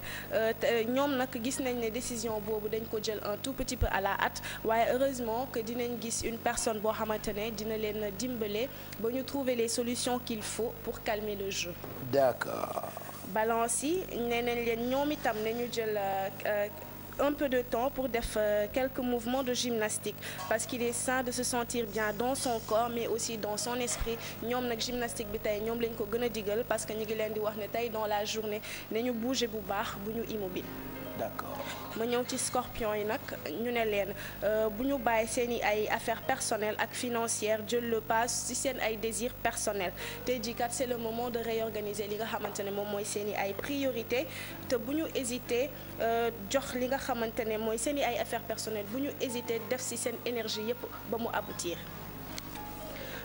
ñoom nag gis nañ ne décision boobu dañ ko jël tout petit peu à la hâte waaye heureusement que dinañ gis une personne boo xamante ne dina leen dimbale ba ñu trouver les solutions qu'il faut pour calmer le jeu. d'accord. balance yi nee nañ leen ñoom itam nañu jël. Euh, un peu de temps pour def euh, quelques mouvements de gymnastique parce qu'il est sain de se sentir bien dans son corps mais aussi dans son esprit ñoom nag gymnastique bi tey ñoom lañ ko gën a digal parce que ñu ngi leen di wax ne tey dans la journée nañu bouger bu baax bu immobile. D'accord. ma ñëw ci scorpion yi nag ñu ne leen euh, bu ñu bàyyi seen i ay affaires personnelles ak financières jël le pas ci seen ay désirs personnels te jii c'est le moment de réorganiser li nga xamante ne moom mooy seen i ay priorités te bu ñu hésité euh, jox li nga xamante ne mooy seen i ay affaires personnelles bu ñu hésité def ci seen énergie yépp ba mu aboutir.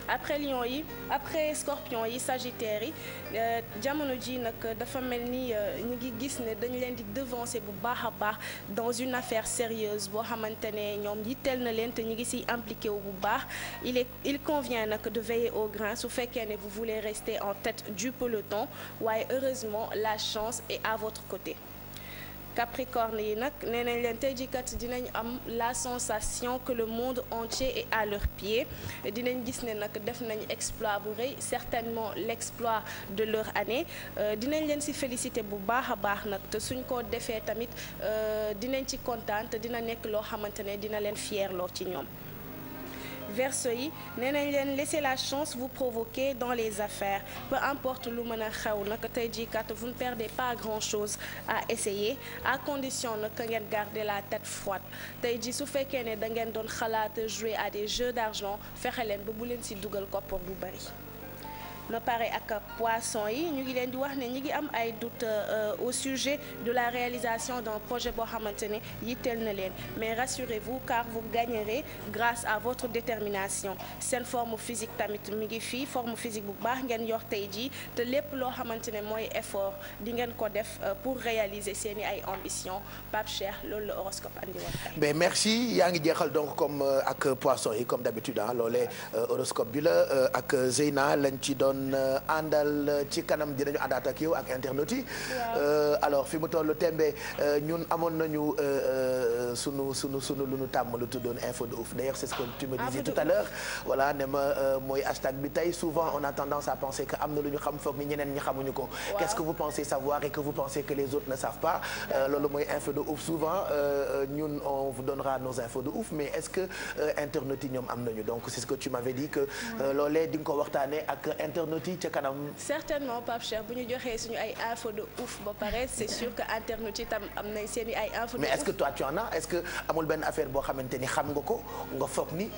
après lion yi après scorpion yi sagittaire yi euh, jamono ji nag dafa mel ni euh, ñu ngi gis ne dañu leen di devancer bu baax a baax dans une affaire sérieuse boo xamante ne ñoom yitteel na leen te ñu ngi siy impliqué wu bu baax il est convient nag de veiller au grain su fekkee ne vous voulez rester en tête du peloton waaye heureusement la chance est à votre côté Capricorne yi nag nee nañ leen tey jii dinañ am la sensation que le monde entier est à leurs pieds dinañ gis ne nag def nañ exploit bu rëy certainement l'exploit de leur année euh, dinañ leen ci félicité bu baax a baax nag te suñ ko defee tamit euh, dinañ ci kontaan dina nekk loo xamante ne dina leen fierloo ci ñoom. verso yi nee nañ leen laisser la chance vous provoquer dans les affaires peu importe lu mën a xew nag tey jii kat vous ne perdez pas grand chose à essayer à condition nag ngeen garder la tête froide tey jii su fekkee ne da ngeen doon xalaat jouer à des jeux d'argent fexe leen ba bu leen ci dugal koppar bu bari ba pare ak poisson yi ñu ngi leen di wax ne ñu ngi am ay dout euh, au sujet de la réalisation d'un projet boo xamante yi yitteel na leen mais rassurez-vous car vous gagnerez grâce à votre détermination seen forme physique tamit mi ngi fii forme physique bu baax ngeen yor tey jii te lépp loo xamante ne mooy effort di ngeen ko def euh, pour réaliser seen ay ambition Pape Cheikh loolu la horoscope andi woon mais merci yaa ngi jeexal donc comme euh, ak poisson comme d'habitude ah loolee horoscope bi la ak Zeyna lañ ci doon doon euh, àndal euh, ci kanam dinañu àndaat ak yow ak internet euh, alors fi mu toll tembe ñun amoon nañu sunu sunu lu nu tàmm lu tuddoon info de ouf d'ailleurs c'est ce que tu me ah, disais tout à l'heure voilà ne ma mooy hashtag bi souvent on a tendance à penser que am na lu ñu xam foog ni ñeneen ñi xamuñu ko. qu'est-ce que vous pensez savoir et que vous pensez que les autres ne savent pas. loolu mooy info de ouf souvent ñun on vous donnera nos infos de ouf mais est-ce que internautes yi ca kanam. certainement Pape Cheikh bu ñu joxee suñu ay info de ouf ba pare c'est sûr que internautes yi tam am nañ seen i ay info de mais est-ce que toi tu en as est-ce que amul benn affaire boo xamante ni xam nga ko nga foog ni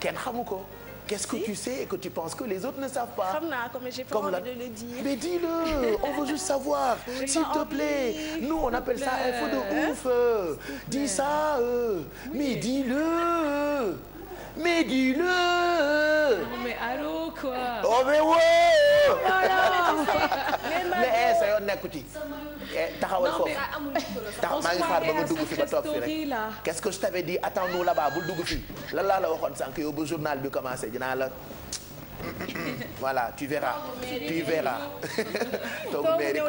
kenn xamu ko. Qu'est-ce que si. tu sais et que tu penses que les autres ne savent pas. Xam naa ko mais j'ai pas envie la... de le dire. Mais dis-le, on veut juste savoir. <laughs> S'il te plaît. Nous on appelle ça info de ouf. Euh. Dis ça. Euh. Mais dis-le. Euh. mais di le non, mais allô quoi. oh mais woo. Oh <laughs> mais eh sa yoon nekku ci. Eh, ah, ngi xaar ba nga dugg fi ba toog fi rek. qu'est-ce que je t'avais dit attends dugg fi lan laa la sànq yow bu journal bi commencé dinaa la. <laughs> voilà tu verras tu verras <laughs> toog mairie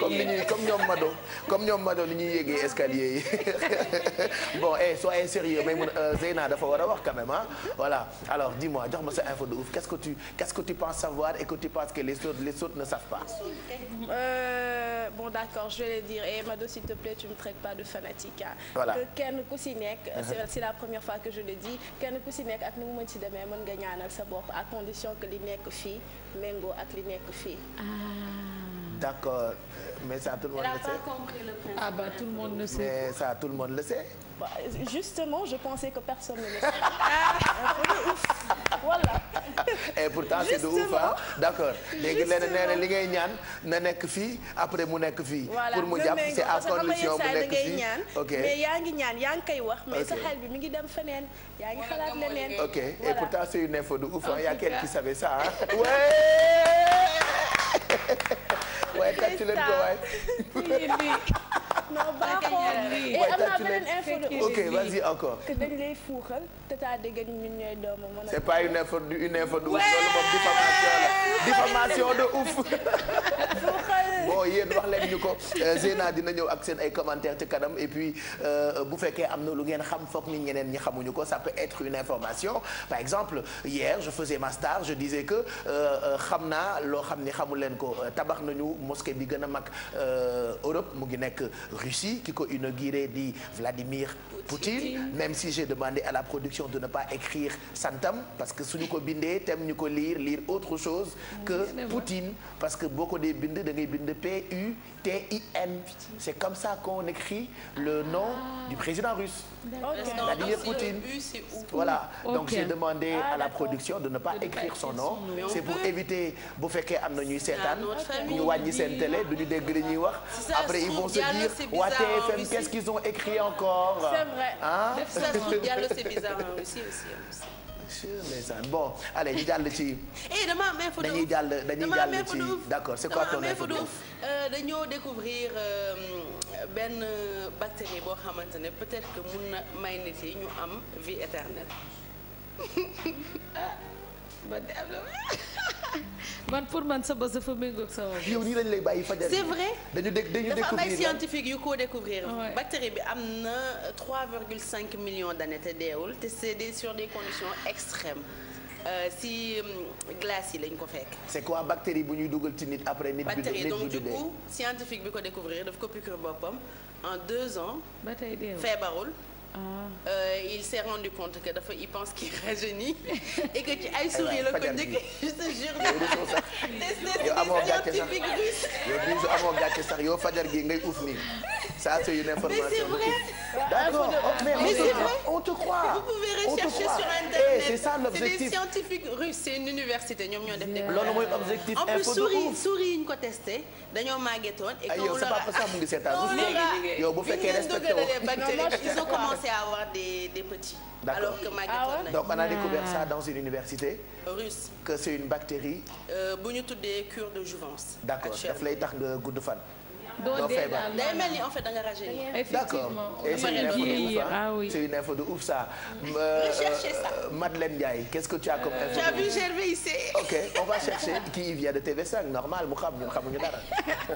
comme ni ñuy comme ñoom Mado comme ñoom Mado ni ñuy yéegee escalier yi <laughs> bon eh soyez sérieux may mun euh, Zeyna dafa war a wax quand même ah voilà alors dis-moi jox ma sa info de ouf qu'est-ce que tu qu'est-ce que tu penses savoir et que tu penses que les autres les autres ne savent pas euh, bon d'accord je vais le dire et eh, Mado s'il te plaît tu me traites pas de fanatique ah voilà kenn ku si nekk uh-huh. c'est la première fois que je le dis kenn ku si nekk ak nu mu mën si demee mën nga ñaanal sa bopp à condition que li nekk fii méngoo ak li nekk fii. Ah. d'accord mais ça tout le monde le sait. Elle n'a pas compris le principe. Ah bah tout le monde le sait. Mais ça tout le monde le sait. Bah, justement je pensais que personne ne le sait. Ah. voilà. <laughs> et pourtant c'est de ouf d'accord léegi leneen nee li ngay ñaan na nekk fii après mu nekk fii. pour mu jàpp c'est à condition mu nekk fii ok mais yaa ngi ñaan yaa ngi koy wax. mais sa bi mi ngi dem feneen. yaa ngi xalaat leneen. ok et pourtant c'est une info de ouf ah y a quelqu'un qui savait ça ah. <laughs> waaye tàcc leen ko waay. non ah, baaxoo et am naa beneen info de ok vas-y encore. te taa dégg ñun ñooy a. c'est pas une info de ouf loolu moom diffamation de ouf. <laughs> bon yéen wax leen ñu ko euh, Zeyna dina ñëw ak seen ay commentaires ci kanam et puis euh, bu fekkee am na lu ngeen xam foog ni ñeneen ñi xamuñu ko ça peut être une information par exemple hier je faisais ma star je disais que euh, xam naa loo xam ni xamu leen ko tabax nañu mosquée bi gën a mag Europe mu ngi nekk Russie ki ko inauguré di Vladimir Poutine même si j'ai demandé à la production de ne pas écrire santam parce que suñu ko bindee tem ñu ko lire lire autre chose que Poutine parce que boo ko dee bind da ngay bind P U T I N c'est comme ça qu'on écrit le nom ah. du président russe La liée Poutine. Voilà. Donc j'ai demandé ah, à la production de ne pas écrire son nom. C'est pour éviter bu fekkee am na ñuy seetaan ñu wàññi seen télé du dégg li wax. après ils vont se dire waa TFM qu'est-ce qu'ils ont écrit encore. C'est vrai. Hein? <laughs> ndeysaan bon allez ñu jàll ci. <laughs> Eh, dama am info dañuy jàll dañuy jàll ci d'accord c'est quoi ton info euh, dañoo découvrir euh, benn euh, bactérie boo xamante ne peut-être que mun na may nit yi ñu am vie éternelle. <laughs> man de am man pour man sa bës dafa méngoog sama bës. yow nii lañ lay bàyyi fajal. c'est vrai dañu dé dañu découvrir dafa am ay scientifique yu ko découvrir. bactérie bi am na 3,5 millions d'années te deewul te c'est des sur des conditions extrêmes. Euh, si euh, glace yi lañ ko fekk. c'est quoi bactérie bu ñuy dugal ci nit après. nit bi nit donc du coup scientifique bi ko découvrir daf ko piqûre boppam en deux ans. ba tey deewul Ah. Euh, il s'est rendu compte que dafa il pense qu'il rajeunit <laughs> et que ci ay souris la ko njëkk je te jure <laughs> des des des amoo gàcce sax yow amoo gàcce sax yow fajar gi ngay uuf nii ça c'est une information. Mais c'est vrai. D'accord. Oh, mais, mais c'est On te croit. Vous pouvez rechercher sur eh, internet. c'est C'est c'est une université ñoom ñoo def. loolu mooy objectif info de ouf en souris souris yi ñu ko testé dañoo màggetoon. et que yow c'est pas ça mu ngi seetaan. <laughs> yow bu fekkee respecté ils ont commencé à avoir des des petits. Alors que ah Donc on a ah. découvert ça dans une université russe que c'est une bactérie euh, bu ñu tuddee cure de jouvence. D'accord daf lay tax gudd fan doo dee daal day mel ni en fait da nga rajeuni. effectivement ah c'est une info de ouf ça. recherchez euh, ça. Madeleine Ndiaye qu'est-ce que tu as comme euh, info. tu as vu Gervais ici. ok on va chercher qui vient de TV5 normal mu xam ñun xamuñu dara.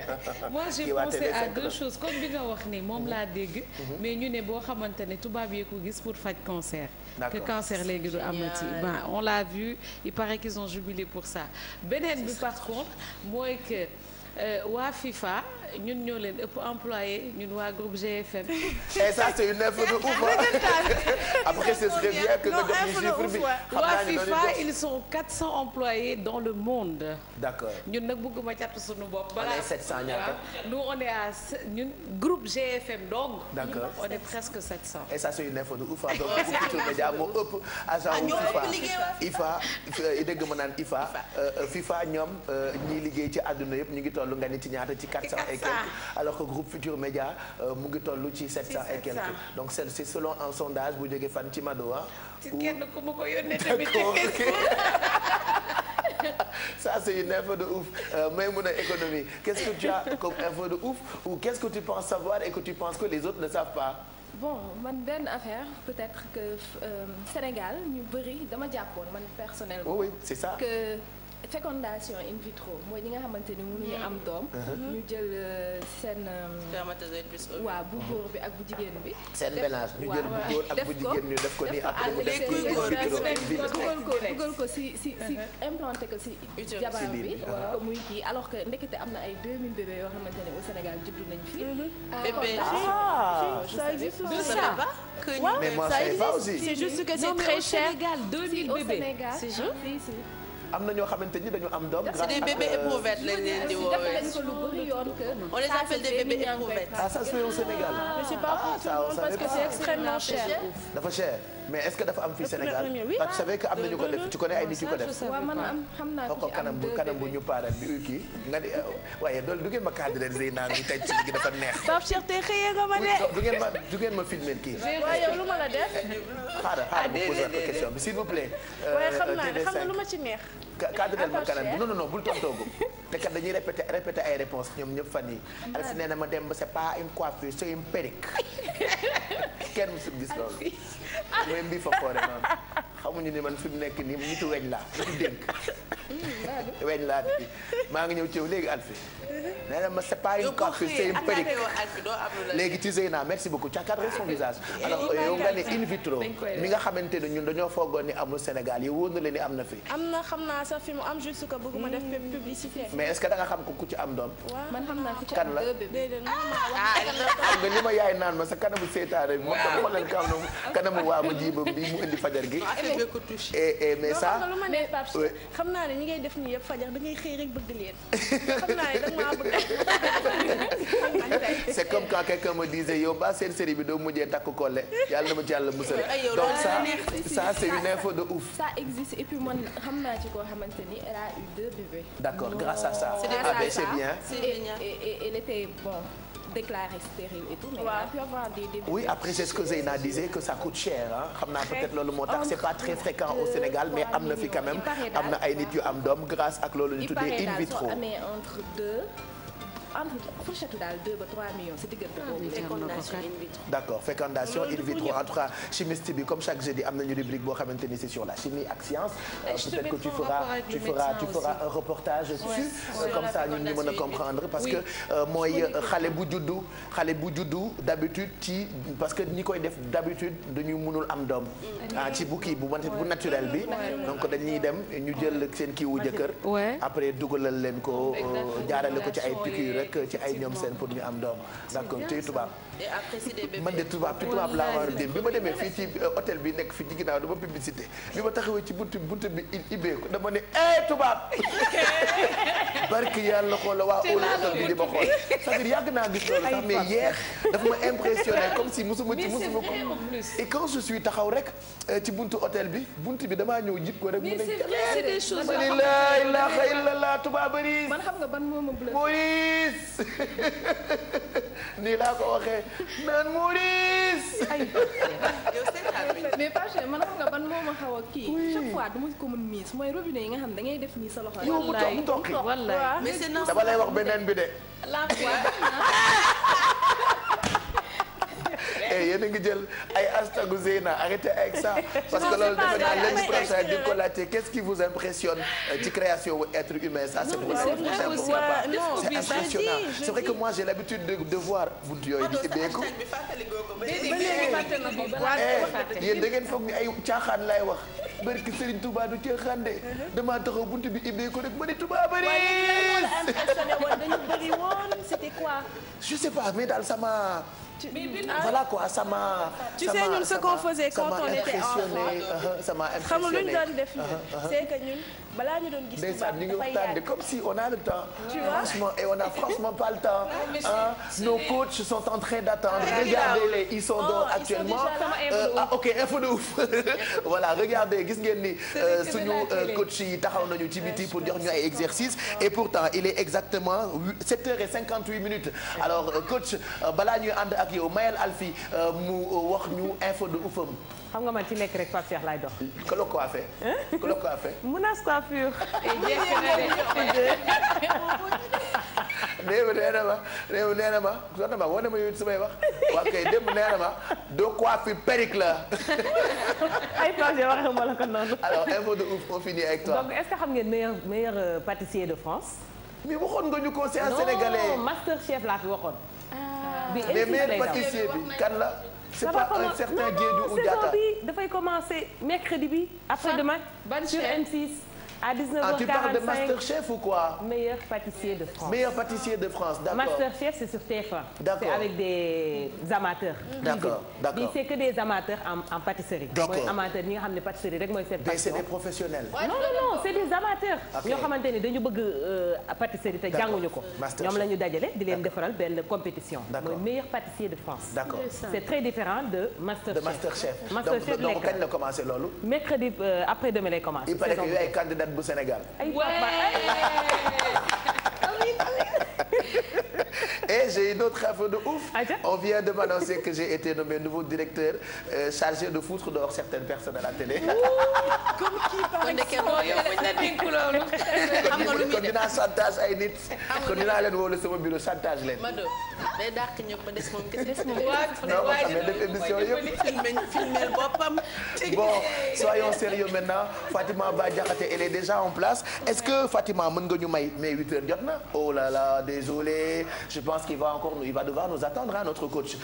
<laughs> moi j'ai pensé à deux choses comme bi nga wax ni moom laa mhm. dégg. Mhm. mais ñu ne boo xamante ne tubaab yee ko gis pour faj cancer. que cancer léegi du amati ben on l'a vu il paraît qu'ils ont jubilé pour ça beneen bi par contre mooy que euh, waa FIFA. ñun ñoo leen ëpp employé ñun waa groupe GFM. et eh, ça c'est une info de ouf que nga jox ñu chiffre bi. FIFA ils sont employés dans le monde. d'accord ñun nag bëgguma catu suñu bopp. balaa on est 700 ñaata. nous on est à ñun groupe GFM donc. d'accord on est presque 700. et eh, ça c'est une info de ouf donc groupe Futurs Médias moo ëpp agent ah, wu FIFA. IFA euh, dégg ma naan IFA euh, euh, FIFA ñoom ñiy liggéey ci àdduna yëpp ñu ngi toll nga ni ci ñaata ci 400 quelques alors que groupe Futur Média euh, mu ngi toll ci 700 et quelques donc c'est c'est selon un sondage bu jógee fan ci Madoa ci kenn ku ma ko yónnee <laughs> tamit <laughs> ça c'est une info de ouf euh, Maïmouna économie qu'est-ce que tu as comme info de ouf ou qu'est-ce que tu penses savoir et que tu penses que les autres ne savent pas bon man benn affaire peut-être que euh, Sénégal ñu bëri dama jàppoon man personnellement oh oui c'est ça que fécondation in vitro mooy ñi nga xamante ni mënuñu am mm-hmm. doom. Uh-huh. ñu jël euh, sen euh, spermatozoïde plus ovule. waaw bu góor bi uh-huh. ak bu jigéen bi. seen mélange ñu jël bu góor ak bu jigéen ñu def ko nii après mu def dugal ko si si si uh-huh. implanté ko si. jabar bi ko muy kii alors que ndekete am na ay 2000 bébés yoo xamante ne au Sénégal juddu nañu fi. Mm-hmm. ah, ah ça existe mais moi je sais pas aussi. c'est juste que c'est très cher. 2000 bébés. au Sénégal si si. am na ñoo xamante ni dañu am doom. grâce à des bébés éprouvettes lañ leen di woowee. on dafa cher mais est-ce que dafa am fii Sénégal. parce que ah, tu savais que am na ñu ko def tu connais ay nit yu ko def. Oh, ko kanam bu kanam bu ñu paaree bi kii nga di oh. waaye dool du ngeen ma cadré day naan ñu tey ci gi neex. Pape Cheikh xëyee nga ma de. du ngeen ma du ngeen ma filmer kii. waaye lu ma la def. xaaral xaaral ah, ma posé question bi s'il vous plaît. waaye euh, xam naa ne xam nga lu ma ci neex. cadrel ma kanam bi non non non bul tontoogu te kat dañuy répété répété ay réponse ñoom ñëpp fan yi alsi nee na ma dem c'est pas une coiffure c'est une perruque <laughs> kenn musul gis loolu mooy mbi fa foore noonu xamuñu ni man fi mu nekk nii nitu weñ laa nitu dénk <laughs> weñ laa maa ngi ñëw ci yow léegi Alfi nee ma c'est pas une coiffure c'est une perruque léegi ci Zeyna beaucoup tu as cadré son visage <laughs> alors nga ne in vitro mi nga xamante ne ñun dañoo foogoon ni amul Sénégal yow wóor na leen am na fi am na xam naa sax fi mu am juste que bëgguma def publicité hmm. mais est-ce que da xam ko ku ci am doom man xam ci am xam nga ah, li ma yaay naan ma sa kanamu seetaare bi moo tax xoolal kanamu kanamu waa ma jiibam bi mu indi fajar gi et mais ça lu ma ne Pape xam naa ne ñi ngay def nii yëpp fajar da ngay xëy rek bëgg leen <laughs> xam naa ne da nga maa bëgg <laughs> c'est comme quand quelqu'un me disait yow ba seen série bi doo mujjee takk kolle yàlla na ma ci yàlla musal donc ça ça c'est une info de ouf ça existe et puis man xam naa ci koo xamante ni elle a eu deux bébés d'accord grâce à ça ah ben c'est bien et elle était bon déclaré stérile et tout. mais il a pu avoir des débuts. oui Zeyna disait que ça coûte cher ah. xam naa peut-être loolu moo tax c'est pas très fréquent au Sénégal mais am na fi quand même am na ay nit yu am doom grâce ak loolu ñu tuddee in vitro. entre fourchette daal 2 ba 3 millions si diggante ah, d'accord fécondation in en tout cas comme chaque jeudi am nañu rubrique boo xamante ni c'est sur la chimie ak science. Euh, peut-être que tu feras tu feras tu feras un reportage dessus. Euh, comme ça ñu mën a comprendre parce que euh, mooy xale bu juddu xale bu juddu d'habitude ci parce que ñi koy def d'habitude dañuy mënul am doom. Mm. ah ci bu kii bu naturel bi. donc dañuy dem ñu jël seen kii wu jëkkër. après dugalal leen ko jaarale ko ci ay piqûres. rek ci ay ñoom seen pour ñu am doom ndax kon tey tubaab man de tubaab ci tubaab laa war a dem bi ma demee fii ci euh, hôtel bi nekk fi fii ci ginnaaw dama publicité bi ma taxawee ci buntu buntu bi ibbee ko dama ne eh tubaab <laughs> barke yàlla xoola waa óolu hôtel bi di ma xool cest yàgg naa gis loolu sax mais yeex dafa ma impressionné comme si musuma ci musuma ko et quand je taxaw rek euh, ci bunt hôtel bi bunt bi damaa ñëw jib ko rek mu ne ma ne laa ilaaha illallah tubaab bari man xam moo <laughs> nii laa ko waxee naan Maurice. mais parce que man xam nga ban moo ma xaw a kii. chaque fois du ma ko mën miis mooy robinet yi nga xam da ngay def nii sa loxo. yow mu toog mu toog wallaay mais dama lay wax beneen bi de. <laughs> Eh, yéen a ngi jël ay hashtag Zeyna arrêtez avec ça. <laughs> parce que loolu defe naa lundi prochain di ko laajte qu'est-ce qui vous impressionne euh, ci création wu être humain ça c'est vrai que moi j'ai l'habitude de voir buntu yooyu di ibbeeku. Eh, yéen da ngeen foog ni ay caaxaan laay wax barki Serigne Touba du caaxaan de uh-huh. damaa taxaw buntu bi ibbeeku rek ma ni Touba bari. waaye dañu bëri woon c'était quoi. je sais pas mais daal sama. Ah, voilà quoi ça m'a. tu sais ñun ce qu'on faisait quand on était enfant. <laughs> ça m'a impressionné xam nga lu ñu doon balaa ñu doon gis tubaab dafay ñu ngi waxtaan de comme si on a le temps. tu vois franchement et on a <laughs> franchement pas le temps. ah nos coachs sont en train d'attendre ah, regardez-les ils sont oh, donc actuellement euh, ah, info de ouf <laughs> voilà regardez gis ngeen ni euh, suñu euh, coach yi taxaw nañu ci biti pour jox ñu ay exercices et pourtant il est exactement sept heures et cinquante huit minutes alors coach balaa ñuy ànd ak yow Mayel Alfi mu wax ñu info de oufam. xam nga man ci nekk rek Pape Cheikh laay dox. ku la coiffé. ku la coiffé. Mounas coiffure. démb nee na ma démb nee na ma soxna ma wane ma yow samay wax waaw kay démb nee na ma doo coiffure perruque la. ay projet waxee ma la ko noonu. alors de ouf on finit avec toi. donc est-ce que xam ngeen meilleur meilleur euh, pâtissier de France. mais waxoon nga ñu ko c'est un sénégalais. non master chef laa fi waxoon. Ah. bi mais meilleur pâtissier bi kan la. c'est pas un certain Diédhiou ou Diatta dafay commencer mercredi bi après demain sur M6 à 19h45 ah tu parles de Masterchef ou quoi. meilleur pâtissier de France. meilleur pâtissier c'est sur tf c'est avec des amateurs. d'accord d'accord que des amateurs en en pâtisserie. d'accord mooy amateurs ñi nga xam ne pâtisserie rek mooy seen. mais c'est des professionnels. non non non c'est des amateurs. ñoo xamante ne dañu bëgg euh, pâtisserie te la ñu compétition. d'accord meilleur pâtissier de France. c'est très différent de Masterchef. de Masterchef donc mercredi euh, après demain lay commencé. il paraît bu Sénégal. ay <laughs> <laughs> Eh, j'ai une autre info de ouf. Ah, On vient de m'annoncer que j'ai été nommé nouveau directeur euh, chargé de foutre dehors certaines personnes à la télé. comme kii par exemple kon <laughs> dinaa chantage ay nit. kon dinaa leen wóolu sama bureau chantage leen. Mado day dàq ñëpp des moom kese. waaw waaye dina def émission yëpp. boppam. <laughs> bon soyons sérieux maintenant Fatima Ba Diakhaté elle est déjà en place est-ce que Fatima mën nga may mais 8 heures jot pense qu'il va encore nous il notre coach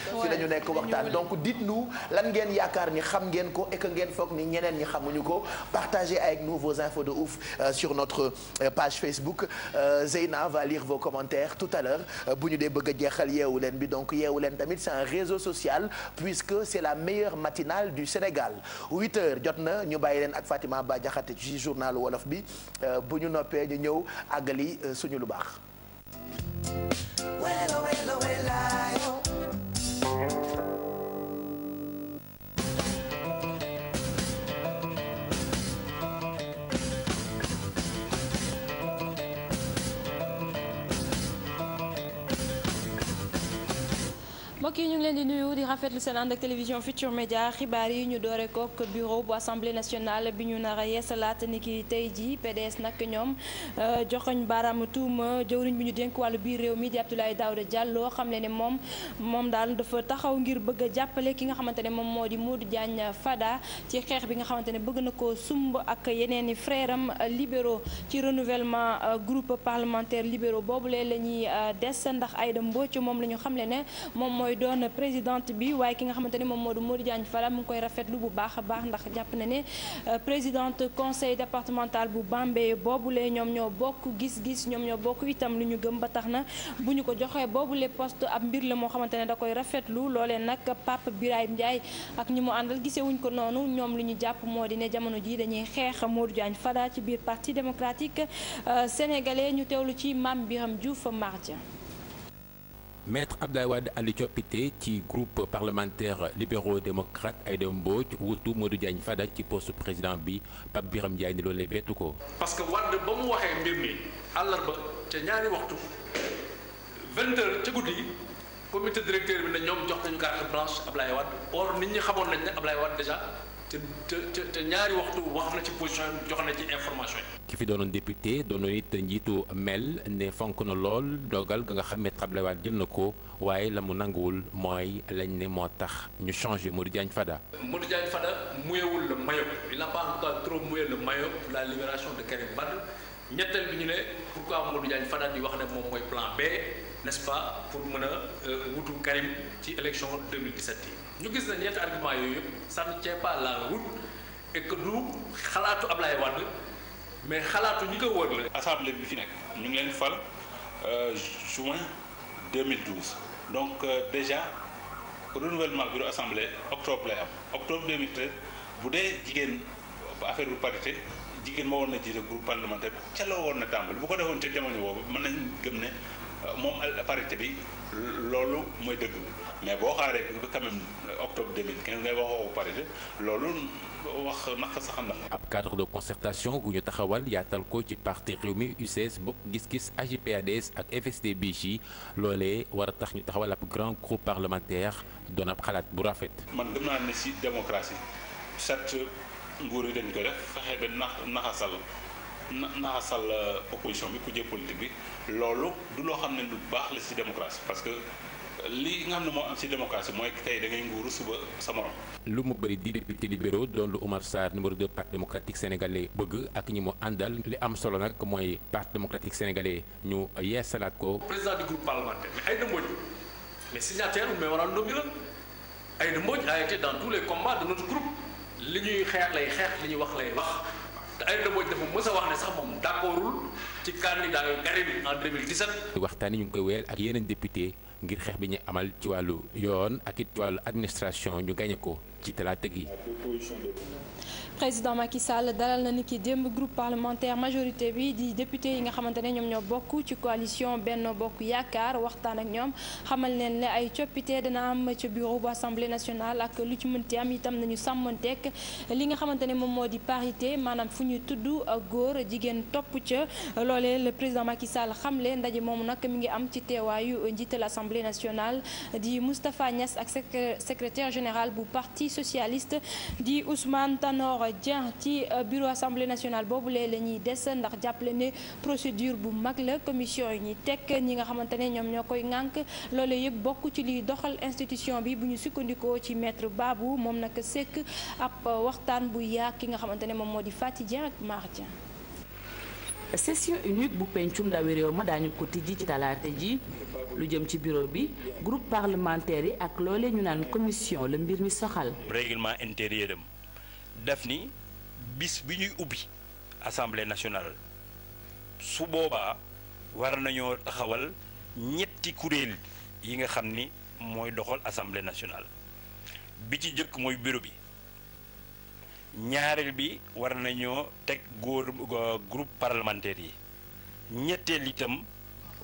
nekk waxtaan donc dites-nous lan ngeen yaakaar ni xam ngeen ko et que ngeen foog ni ñeneen ñi xamuñu ko partagez avec nous vos infos de ouf euh, sur notre euh, page Facebook euh, Zeyna va lire vos commentaires tout à l'heure bu ñu dee bëgga a jeexal yeewu leen bi donc yeewu leen tamit c'est un réseau social puisque c'est la meilleure matinale du Sénégal 8 heures jot na ñu bàyyi leen ak Fatima Ba Jaxate ci journal wolof bi bu ñu noppee ñu ñëw àggali suñu lu baax Vuelo, vuelo, vuela. mbokk yi ñu ngi leen di nuyu di rafetlu seen ànd ak télévision Futur Média xibaar yi ñu doore kook bureau bu assemblée nationale bi ñu nar a yeesalaat ni ki tey jii PDS nag ñoom euh, joxoñ baaraam tuuma jëwriñ bi ñu dénk wàllu biir réew mi di Abdoulaye jàll loo xam le ne moom moom daal dafa taxaw ngir bëgg a jàppale ki nga xamante ne moom moo di Modou Diagne Fada ci xeex bi nga xamante ne bëgg na koo sumb ak yeneen i frères am libéraux ci renouvellement euh, groupe parlementaire libéraux boobu lee la ñuy euh, des ndax Aïda Mbodj moom la ñu xam le ne mooy doon président bi waaye ki nga xamante ne moom moo di Modou Diagne Fada mu ngi koy rafetlu bu baax a baax ndax jàpp na ne euh, présidente conseil départemental bu Bambey boobule ñoom ñoo bokk gis-gis ñoom ñoo bokk itam lu ñu gëm ba tax na bu ñu ko joxee boobule post ab mbir la moo xamante ne da koy rafetlu loolee nag Pape Birahim Ndiaye ak ñi mu àndal gisee wuñ ko noonu ñoom lu ñu jàpp moo di ne jamono ji dañuy xeex Modou Diagne Fada ci biir parti démocratique euh, sénégalais ñu teewlu ci Mame Biram Diouf Mardia maître Abdoulaye Wade andi coppite ci groupe parlementaire libéraux démocrate Aïda Mbodj wutu Modou Diagne Fada ci poste président bi Pape Birame Ndiaye ni loolee bettu ko. parce que Wade ba mu waxee mbir mi àllarba ca ñaari waxtu vingt heures ca guddi comité directeur bi ne ñoom jox nañu carte blanche Abdoulaye Wade or nit ñi xamoon nañ ne Abdoulaye Wade déjà. te te te ñaari waxtu wax na ci position jox na ci information yi. ki fi doonoon député doonoon it njiitu mel ne fonk na lool dogal nga xam ne Abdoulaye Wade na ko waaye la mu nanguwul mooy lañ ne moo tax ñu changé Modou Diagne Fada. Modou Diagne Fada muyewul le maillot il n'a pas en trop mouillé le maillot la libération de Karim Wade ñetteel bi ñu ne pourquoi Modou Diagne Fada di wax ne moom mooy plan B n'est-ce pour mën a euh, wutu Karim ci élection ñu gis nañ ñetti argument yooyu yëpp ça ne tient pas la route et que du xalaatu Ablaye Wade mais xalaatu ñi ko wër la. assemblée bi fi nekk ñu ngi leen fal euh, juin 2012 donc euh, déjà renouvellement bureau assemblée octobre lay am octobre 2013 bu dee jigéen affaire bu parité jigéen moo woon na jiite groupe parlementaire ca loo woon na tàmbali bu ko defoon ca jamono boobu mën nañ gëm ne euh, moom parité bi loolu mooy dëgg. mais boo xaaree quand même octobre 2015 ngay wax waxu parité loolu wax sa sax na. ab cadre de concertation gu ñu taxawal yaatal ko ci parti Rewmi UCS Bokk Gis-Gis AJ/PADS ak FSD BJ loolee war a tax ñu taxawal ab grand groupe parlementaire doon ab xalaat bu rafet. man gëm naa ne si démocratie chaque nguur yi dañ ko def fexe ba nax naxasal na naxasal euh, opposition bi ku jël politique bi loolu du loo xam ne lu baax la si démocratie parce que. li nga xam ne moo am ci démocratie mooy tey da ngay suba sa morom. lu mu bari di député libéraux doon lu Oumar Sarr numéro 2 parti démocratique sénégalais bëgg ak ñi mu àndal li am solo nag mooy parti démocratique sénégalais ñu yeesalaat ko. président du groupe parlementaire mais Aïda Mbodj mais signataire mais waral ndomi la Aïda Mbodj a été dans tous les combats de notre groupe li ñuy xeex lay xeex li ñuy wax lay wax. te Aïda Mbodj dafa mës a wax ne sax moom waxtaan yi ñu ngi koy wéyal ak yeneen ngir xeex bi ñu amal ci wàllu yoon ak it wàllu administration ñu gañe ko ci talaata gi président Macky Sall dalal na ni ki démb groupe parlementaire majorité bi di député yi nga xamante ne ñoom ñoo bokk ci coalition benn Bokk Yaakaar waxtaan ak ñoom xamal leen ne ay coppite dana am ci bureau bu assemblée nationale ak lu ci mënti am itam nañu sàmmanteek li nga xamante ne moom moo di parité maanaam fu ñu tudd góor jigéen topp ca loolee le président Macky Sall xamle ndaje moomu nag mi ngi am ci teewaayu njiital assemblée nationale di Moustapha Niass ak secrétaire général bu parti socialiste di jan ci euh, bureau assemblée nationale boobu lee la ñuy des ndax jàppale ne procédure bu mag la commission yi ñi teg ñi nga xamante ne ñoom ñoo koy ŋànk loole yëpp bokk ci liy doxal institution bi bu ñu sukkandikoo ci maître baabu moom nag sekk ab euh, waxtaan bu yaa ki nga xamante ne moom moo di Faty Dieng ak Mar Dieng session unique bu pencum ndawi réew ma daañu ko tijji ci talaata ji lu jëm ci bureau bi groupe parlementaire yi ak loolee ñu naan commission la mbir mi soxal règlement intérieur def ni bis bi ñuy ubbi assemblée nationale su boobaa war nañoo taxawal ñetti kuréel yi nga xam ni mooy doxal assemblée nationale bi ci njëkk mooy bureau bi ñaareel bi war nañoo teg góor groupe parlementaire yi ñetteel itam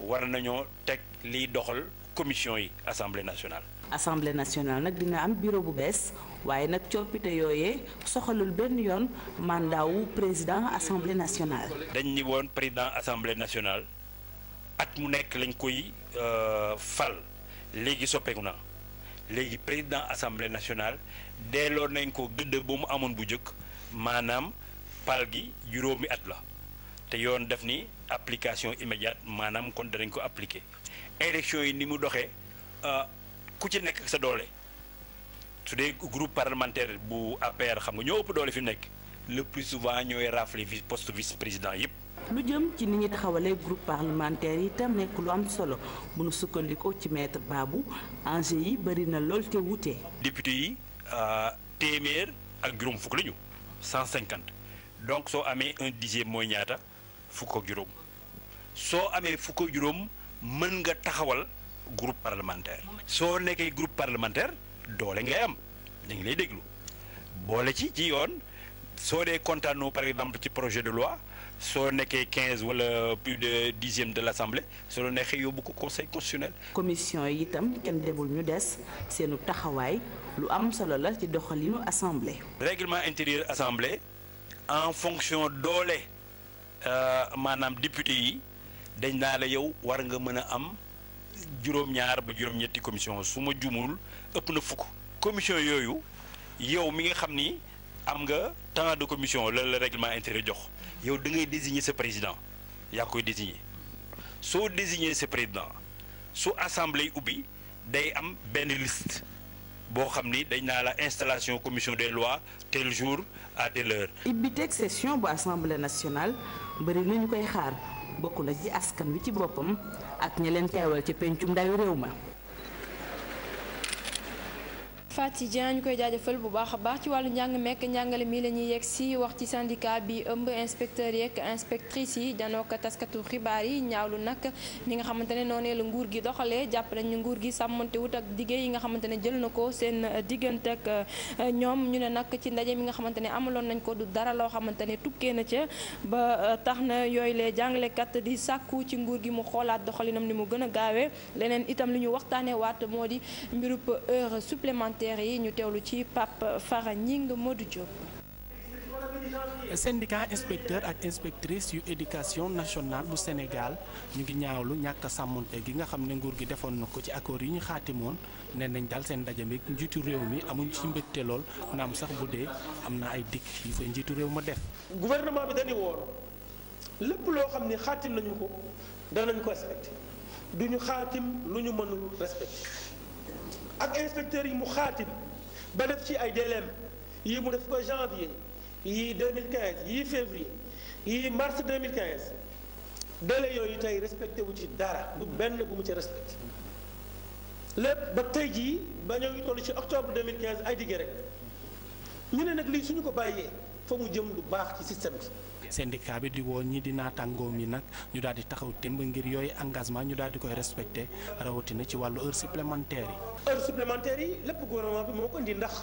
war nañoo teg liy doxal commission yi assemblée nationale. assemblée nationale nag dina am bureau bu bees. waaye nag coppite yooyee soxalul benn yoon mandat wu président assemblée nationale. dañ ni woon président assemblée nationale at mu nekk lañ koy euh, fal léegi soppeeku na léegi président assemblée nationale delloo nañ ko gëdd bu mu amoon bu njëkk maanaam pal gi juróomi at la te yoon def ni application immédiate maanaam kon danañ ko appliquer élection yi ni mu doxee euh, ku ci nekk sa doole. su dee groupe parlementaire bu APR xam nga ñoo ëpp doole fi mu nekk le plus souvent ñooy rafle vice poste vice président yëpp. lu jëm ci ni ñu taxawalee groupe parlementaire yi tam nekk lu am solo bu nu sukkandikoo ci maître Babou enjeu yi bëri na lool te wute. député yi euh, téeméer ak juróom fukk la ñu cent cinquante donc soo amee un dixième mooy ñaata fukk ak juróom soo amee fukk juróom mën nga taxawal groupe parlementaire. soo nekkee groupe parlementaire. doole ngay am ñu lay déglu boole ci ci yoon soo dee kontaanoo par exemple ci projet de loi soo nekkee quinze wala plus de dixième de l'assemblée soo la neexee yóbbu ko conseil constitutionnel. commission yi itam kenn debul ñu des seenu taxawaay lu am solo la ci doxalinu assemblée. règlement intérieur assemblée en fonction doole euh, maanaam député yi dañ naa la yow wara nga mën a am. juróom-ñaar ba juróom-ñetti commission su ma jumul ëpp na fukk commission yooyu yow mi nga xam ni am nga temps de commission la la règlement intérieur jox yow da ngay désigner sa président yaa koy désigner soo désigner sa président su assemblée ubbi day am benn liste boo xam ni dañ naa la installation commission des lois tel jour à telle heure. ibbi teg session bu assemblée nationale bëri na ñu koy xaar. bokk na ci askan wi ci boppam ak ñi leen teewal ci pencum ndawi réew ma Faty Dieng ñu koy jaajëfal bu baax a baax ci wàllu njàng mekk njàngale mi la ñuy yegg si wax ci syndicat bi ëmb inspecteurs yeeg inspectrices yi janoo ko taskatu xibaar yi ñaaw lu nag ni nga xamante ne noonee la nguur gi doxalee jàpp nañu nguur gi sàmmante wut ak diggé yi nga xamante ne jël na ko seen diggante ak euh, ñoom ñu ne nag ci ndaje mi nga xamante ne amaloon nañ ko du dara loo xamante ne tukkee na ca ba euh, tax na yooyu lee jàngalekat di sàkku ci nguur gi mu xoolaat doxalinam ni mu gën a gaawee leneen itam li ñu waxtaanee waat moo di euh, parlementaires yi ñu teewlu ci Pape Fara Gningue Modou Diop. syndicat inspecteur ak inspectrice yu éducation nationale bu Sénégal ñu ngi ñaawlu ñàkk a sàmmonte gi nga xam ne nguur gi defoon na ko ci accord yi ñu xaatimoon ne nañ daal seen ndaje mi njiitu réew mi amuñ ci mbégte lool naam sax bu dee am na ay dikk yu fa njiitu réew ma def. gouvernement bi dañu woon lépp loo xam ne xaatim nañu ko danañ ko respecté duñu xaatim lu mënul respecté. ak inspecteurs yi mu xaatim ba def ci ay délais yii mu def ko janvier yii 2015 yii février yii mars 2015 délais yooyu tey respecté ci dara du benn bu mu ci respecté lépp ba tey jii ba ñoo ngi toll ci octobre 2015 ay digg rek ñu ne nag lii suñu ko bàyyee fa mu jëm lu baax ci système bi. syndicat bi di woon ñi di naataangoom yi nag ñu daal di taxaw temb ngir yooyu engagement ñu daal di koy respecté rawatina ci wàllu heure supplémentaire yi. heure supplémentaire yi lépp gouvernement bi moo ko indi ndax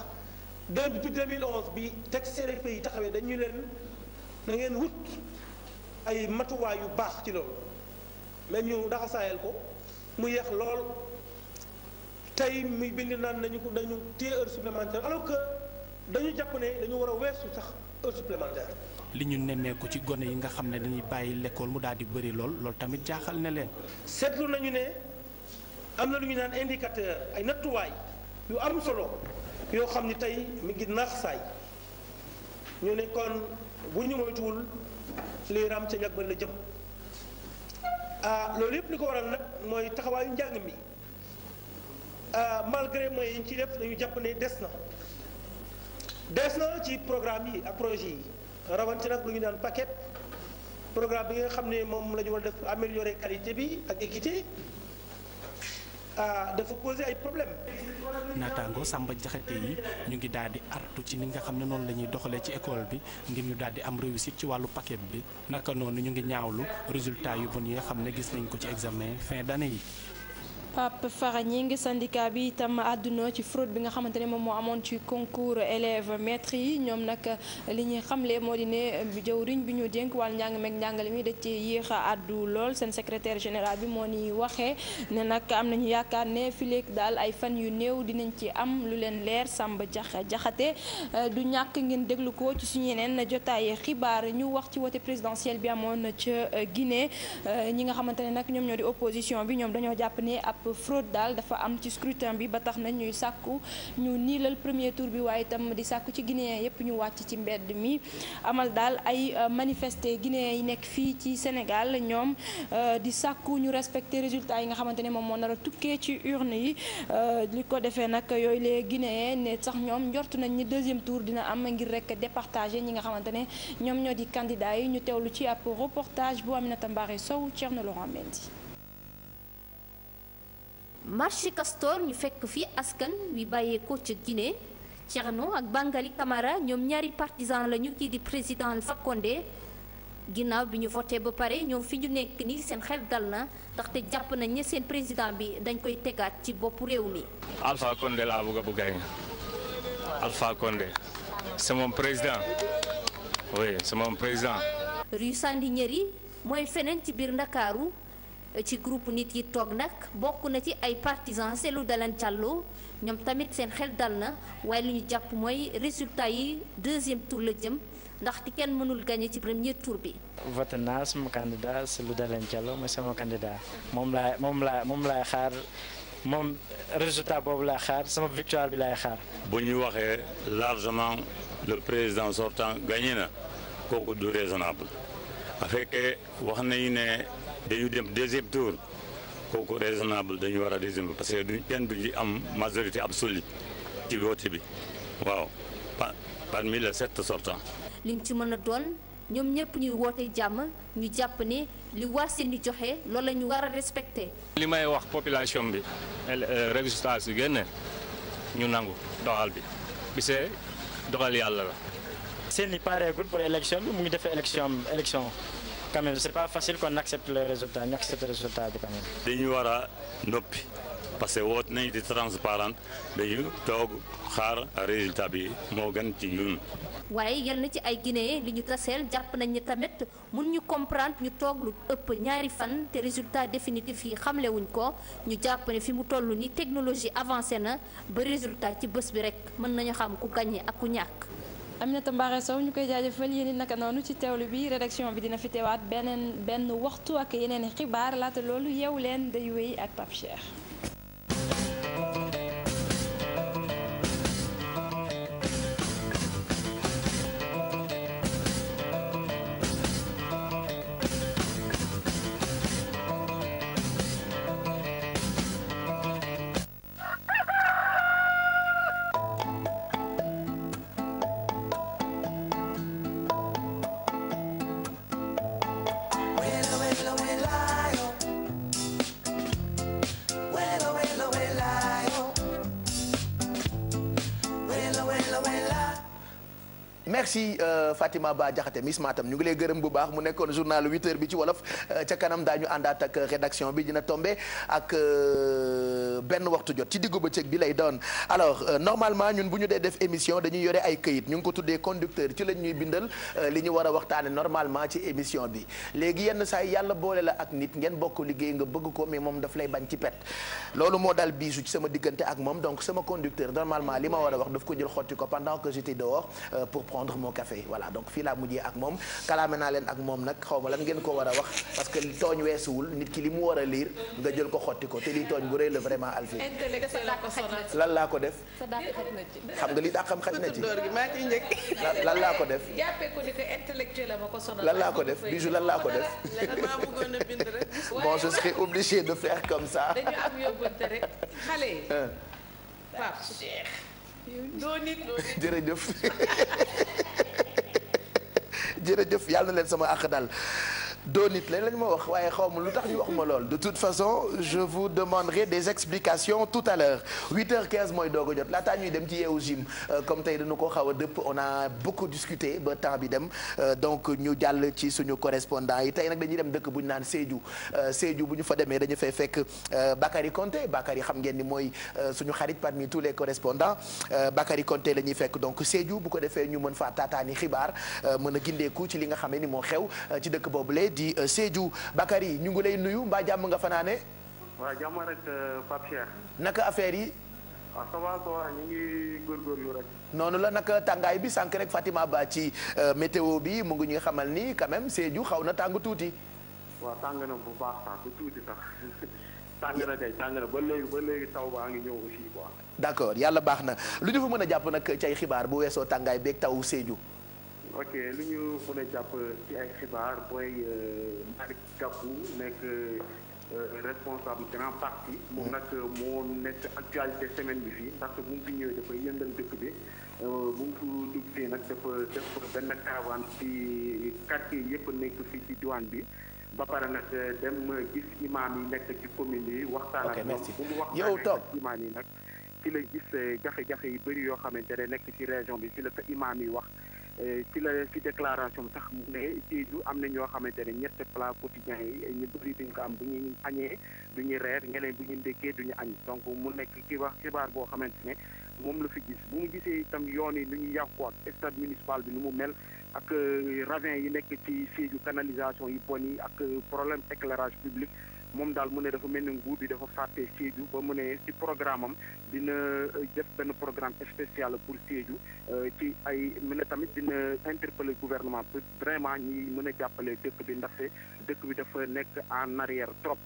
depuis 2011 bi texte RFP yi taxawee dañu leen na ngeen wut ay matuwaay yu baax ci loolu mais ñu daxasaayal ko mu yéex lool tey muy bind naan nañu ko dañu téye heure supplémentaire alors que dañu jàpp ne dañu war a weesu sax heure supplémentaire. li ñu nemmeeku ci gone yi nga xam ne dañuy bàyyi lekkool mu daal di bëri lool loolu tamit jaaxal na leen. seetlu nañu ne am na lu ñu naan indicateur ay nattuwaay yu am solo yoo xam ni tey mi ngi naax saay ñu ne kon bu ñu moytuwul lii ram ca ñag ba la jëm ah loolu yëpp li ko waral nag mooy taxawaayu njàng mi ah malgré moyens yi ci def dañu jàpp ne des na des na ci programme yi ak projet yi. rawante nag lu ñu daan paquet programme bi nga xam ne moom la ñu war def améliorer qualité bi ak équité ah dafa poser ay problème naataango Samba Jaxate yi ñu ngi daal di artu ci ni nga xam ne noonu la ñuy doxalee ci école bi ngir ñu daal di am réussite ci wàllu paquet bi naka noonu ñu ngi ñaawlu résultat yu bon yi nga xam ne gis nañ ko ci examen fin d'année yi. Pape Fara Gningue syndicat bi itam àdduna ci fraude bi nga xamante ne moom moo amoon ci concours élèves metre yi ñoom nag li ñuy xamle moo di ne jëwriñ bi ñu dénk wàllu njàng meeg njàngale mi da ci yéex a àddu lool seen secretaire général bi moo ni waxee ne nag am nañu yaakaar ne fileek daal ay fan yu néew dinañ ci am lu leen leer Samba Jaxate du ñàkk ngeen déglu ko ci suñu yeneen jotaay xibaar ñu wax ci wote présidentiel bi amoon ca Guinée ñi nga xamante ne nag ñoom ñoo bi ñoom ab fraude daal dafa am ci scrutin bi ba tax na ñuy sàkku ñu niilal premier tour bi waaye itam di sàkku ci guinéen yépp ñu wàcc ci mbedd mi amal daal ay euh, manifesté guinéen yi nekk fii ci Sénégal ñoom euh, di sàkku ñu respecté résultat yi nga xamante ne moom moo nar a tukkee ci urne yi euh, li ko defee nag yooyu les guinéen ne sax ñoom njort nañ ni deuxième tour dina am ngir rek départage ñi nga xamante ne ñoom ñoo di candidat yi ñu teewlu ci ab reportage bu Aminata Mbaré Sow Thierno Laurent Mendy marché Castor ñu fekk fi askan wi bàyyeekoo ca Guinée Thierno ak Bangali Camara ñoom ñaari partisan lañu kii di président Alpha Condé ginnaaw bi ñu voté ba pare ñoom fi ñu nekk ni seen xel dal na ndaxte jàpp nañ ne seen président bi dañ koy tegaat ci bopp réew mi. Alpha Condé laa bëgg bu gañ Alpha Condé c'est président oui président. Rue Sandi Ñeri mooy feneen ci biir Ndakaaru. ci groupe nit yi toog nag bokk na ci ay partisan partisans Cellou Dalein Diallo ñoom tamit seen xel dal na waaye li ñu jàpp mooy résultat yi deuxième tour la jëm ndaxte kenn mënul gagné ci premier tour bi. voté naa sama candidat Cellou Dalein Diallo mooy sama candidat moom laa moom laa moom laay xaar moom résultat boobu laay xaar sama victoire bi laay xaar. bu ñu waxee largement le président sortant gagné na kooku du raisonnable bu wax nañu ne. dañu dem deuxième tour kooku raisonnable dañu war a deuxième tour parce que duñ kenn duñu am majorité absolue ci vote bi waaw parmi les sept sortants liñ ci mën a doon ñoom ñëpp ñuy woote jàmm ñu jàpp ni li waa seen di joxe loolu la ñu war a respecté. li may wax population bi euh, résultat su génne ñu nangu doxal bi bisee doxal yàlla la. seen i pareegul pour élection bi mu ngi defee élection élection. quand même c'est pas facile qu'on accepte les résultats ñu accepte résultat bi dañu war a noppi parce que woot nañu di transparent dañu toog xaar résultat bi moo gën ci ñun. waaye yal na ci ay Guinéen li ñu taseel jàpp nañ ni tamit mun ñu comprendre ñu toog lu ëpp ñaari fan te résultat définitif yi xamlewuñ ko ñu jàpp ne fi mu toll ni technologie avancée na ba résultat ci bés bi rek mën nañu xam ku gañ gagné ak ku ñàkk. Aminata Mbaare Sow ñu koy jaajëfal yéen it naka noonu ci teewlu bi rédaction bi dina fi teewaat beneen benn waxtu ak yeneen xibaar laata loolu yeewu leen day wéy ak Pape Fatima Ba Jaxate Miss Matam ñu ngi lay gërëm bu baax mu nekkoon journal 8h bi ci wolof euh, ca kanam daañu àndaat ak euh, rédaction bi dina tombe ak euh, benn waxtu jot ci diggu bëccëg bi lay doon alors normalement ñun bu ñu dee def émission dañuy yore ay kayit ñu ngi ko tuddee conducteur ci lañ ñuy bindal li ñu war waxtaane normalement ci émission bi léegi yenn saa yàlla boole la ak nit ngeen bokk liggéey nga bëgg ko mais moom daf lay bañ ci pet loolu moo dal biisu ci sama ak moom donc sama conducteur normalement li ma war a wax daf ko jël xotti ko pendant que j'étais dehors pour prendre mon café voilà donc fii laa mujjee ak moom kalaame naa leen ak moom nag xaw ma lan ngeen ko war a wax parce que tooñ weesuwul nit ki li mu war a liir nga jël ko xotti ko te lii tooñ bu rëy la vraiment alfi lan laa ko def xam nga li dàqam xaj na ci lan laa ko def lan laa ko def bijou lan laa ko def bon je serai obligé de faire comme ça jërëjëf <laughs> jërëjëf yàlla na leen sama àq daal doo nit lañ ma wax waaye xaw ma lu tax ñu wax ma lool de toute façon je vous demanderai des explications tout à l'heure 8h15 mooy doog a jot laataa ñuy dem ci yeewu gym euh, comme tey dañu ko xaw a dëpp on a beaucoup discuté ba temps bi dem euh, donc ñu jàll ci suñu correspondant yi tey nag dañuy dem dëkk bu ñu naan Sédhiou euh, Sédhiou bu ñu fa demee dañu fay fekk Bakary Konté Bakary xam ngeen ni mooy suñu xarit parmi tous les correspondants Bakary Konté la fekk donc Sédhiou bu ko defee ñu mën faa taataani xibaar mën a gindeeku ci li nga xam ne ni moo xew ci dëkk boobu ci euh, Sédhiou yi ñu ngi lay nuyu mbaa jàmm nga fanaane waaw jàmm rek euh, Pape naka affaire yi. waaw ah, ça va ça va ñu ngi góorgóorlu rek. noonu la naka tàngaay bi sànq rek Fatima Ba ci euh, météo bi mu ngi ñuy xamal ni quand même Sédhiou xaw na tàng tuuti. waaw tàng na bu baax sax bu tuuti sax. <laughs> tàng na kay tàng na ba léegi ba léegi taw baa ngi ñëw aussi quoi. d'accord yàlla baax na lu ñu fa mën a jàpp nag cay xibaar bu weesoo tàngaay beeg taw Sédhiou. ok lu ñu mën jàpp ci ay xibaar booy euh, Malick Gakou nekk euh, responsable grand parti. moom mm-hmm. nag moo nekk actualité semaine bi fii parce que bu mu fi ñëwee dafay yëngal dëkk bi euh, bu mu fi duggee nag dafa def benn caravane ci quartier yëpp nekk fii ci diwaan bi. ba pare nag dem gis imaam yi nekk ci commune yi waxtaan ak ñoom bu mu waxtaan ak imaam yi nag ci la gis jaxe jaxe yu bëri yoo xam ne nekk ci région bi ci la ko imaam yi wax. Eh, ci la ci déclaration sax mu ne ci am na ñoo xamante ne ñett plat quotidien yi eh, ñu bëri duñ ko am bu ñu añee du ñu reer ñeneen bu ñu ndékkee du ñu añ donc mu nekk ki wax xibaar boo xamante ne moom la fi gis bu mu gisee itam yoon yi nu ñu yàqu ak stade municipal bi nu mu mel ak eh, ravin yi nekk ci Sédhiou canalisation yi bon yi ak problème déclarage public moom daal mu ne dafa mel ni nguur bi dafa fàtte Sédhiou ba mu ne ci programme am dina euh, def benn programme spécial pour Sédhiou euh, ci ay mu ne tamit dina interpeller gouvernement pour vraiment ñi mën a jàppale dëkk bi ndaxte dëkk bi dafa nekk en arrière trop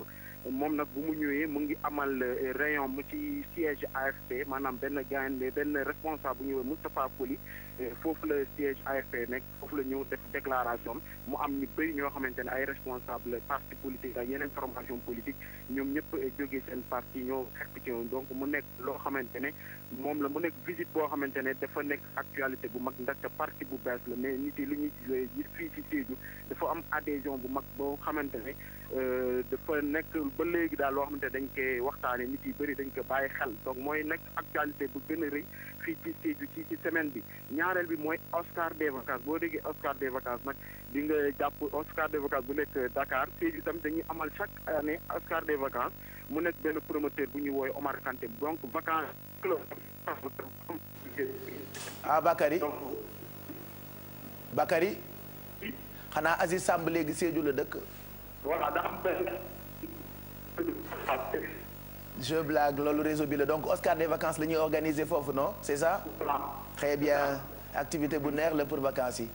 moom nag bu mu ñëwee mu ngi amal eh, rayon mu ci siège AFP maanaam benn gaynde benn responsable bu ñëwee Moustapha Koli eh, foofu la siège AFP nekk foofu la ñëw def déclaration mu am ñu bëri ñoo xamante ne ay responsable parti politique ak yeneen formation politique ñoom ñëpp eh, jógee seen parti ñoo fekk ci donc mu nekk loo xamante ne moom la mu nekk visite boo xamante ne dafa nekk actualité bu mag ndaxte parti bu bees la mais nit yi lu ñuy gis fii ci Sédhiou dafa am adhésion bu mag boo xamante ne dafa nekk ba léegi daal loo xamante dañ koy waxtaane nit yi bëri dañ ko bàyyi xel donc mooy nag actualité bu gën a rëy fii ci Sédhiou ci ci semaine bi ñaareel bi mooy Oscar des vacances boo déggee Oscar des vacances nag di nga jàpp Oscar des vacances bu nekk dakaar Sédhiou tam dañuy amal chaque année Oscar des vacances mu nekk benn promoteur bu ñuy woowe Omar Kanté donc vacances ah Bakary Bakary xanaa Aziz Samb léegi Sédhiou la dëkk je blague loolu réseau bi la donc Oscar des vacances la ñuy organiser foofu non c'est ça. très bien activité bu neex la pour vacances yi.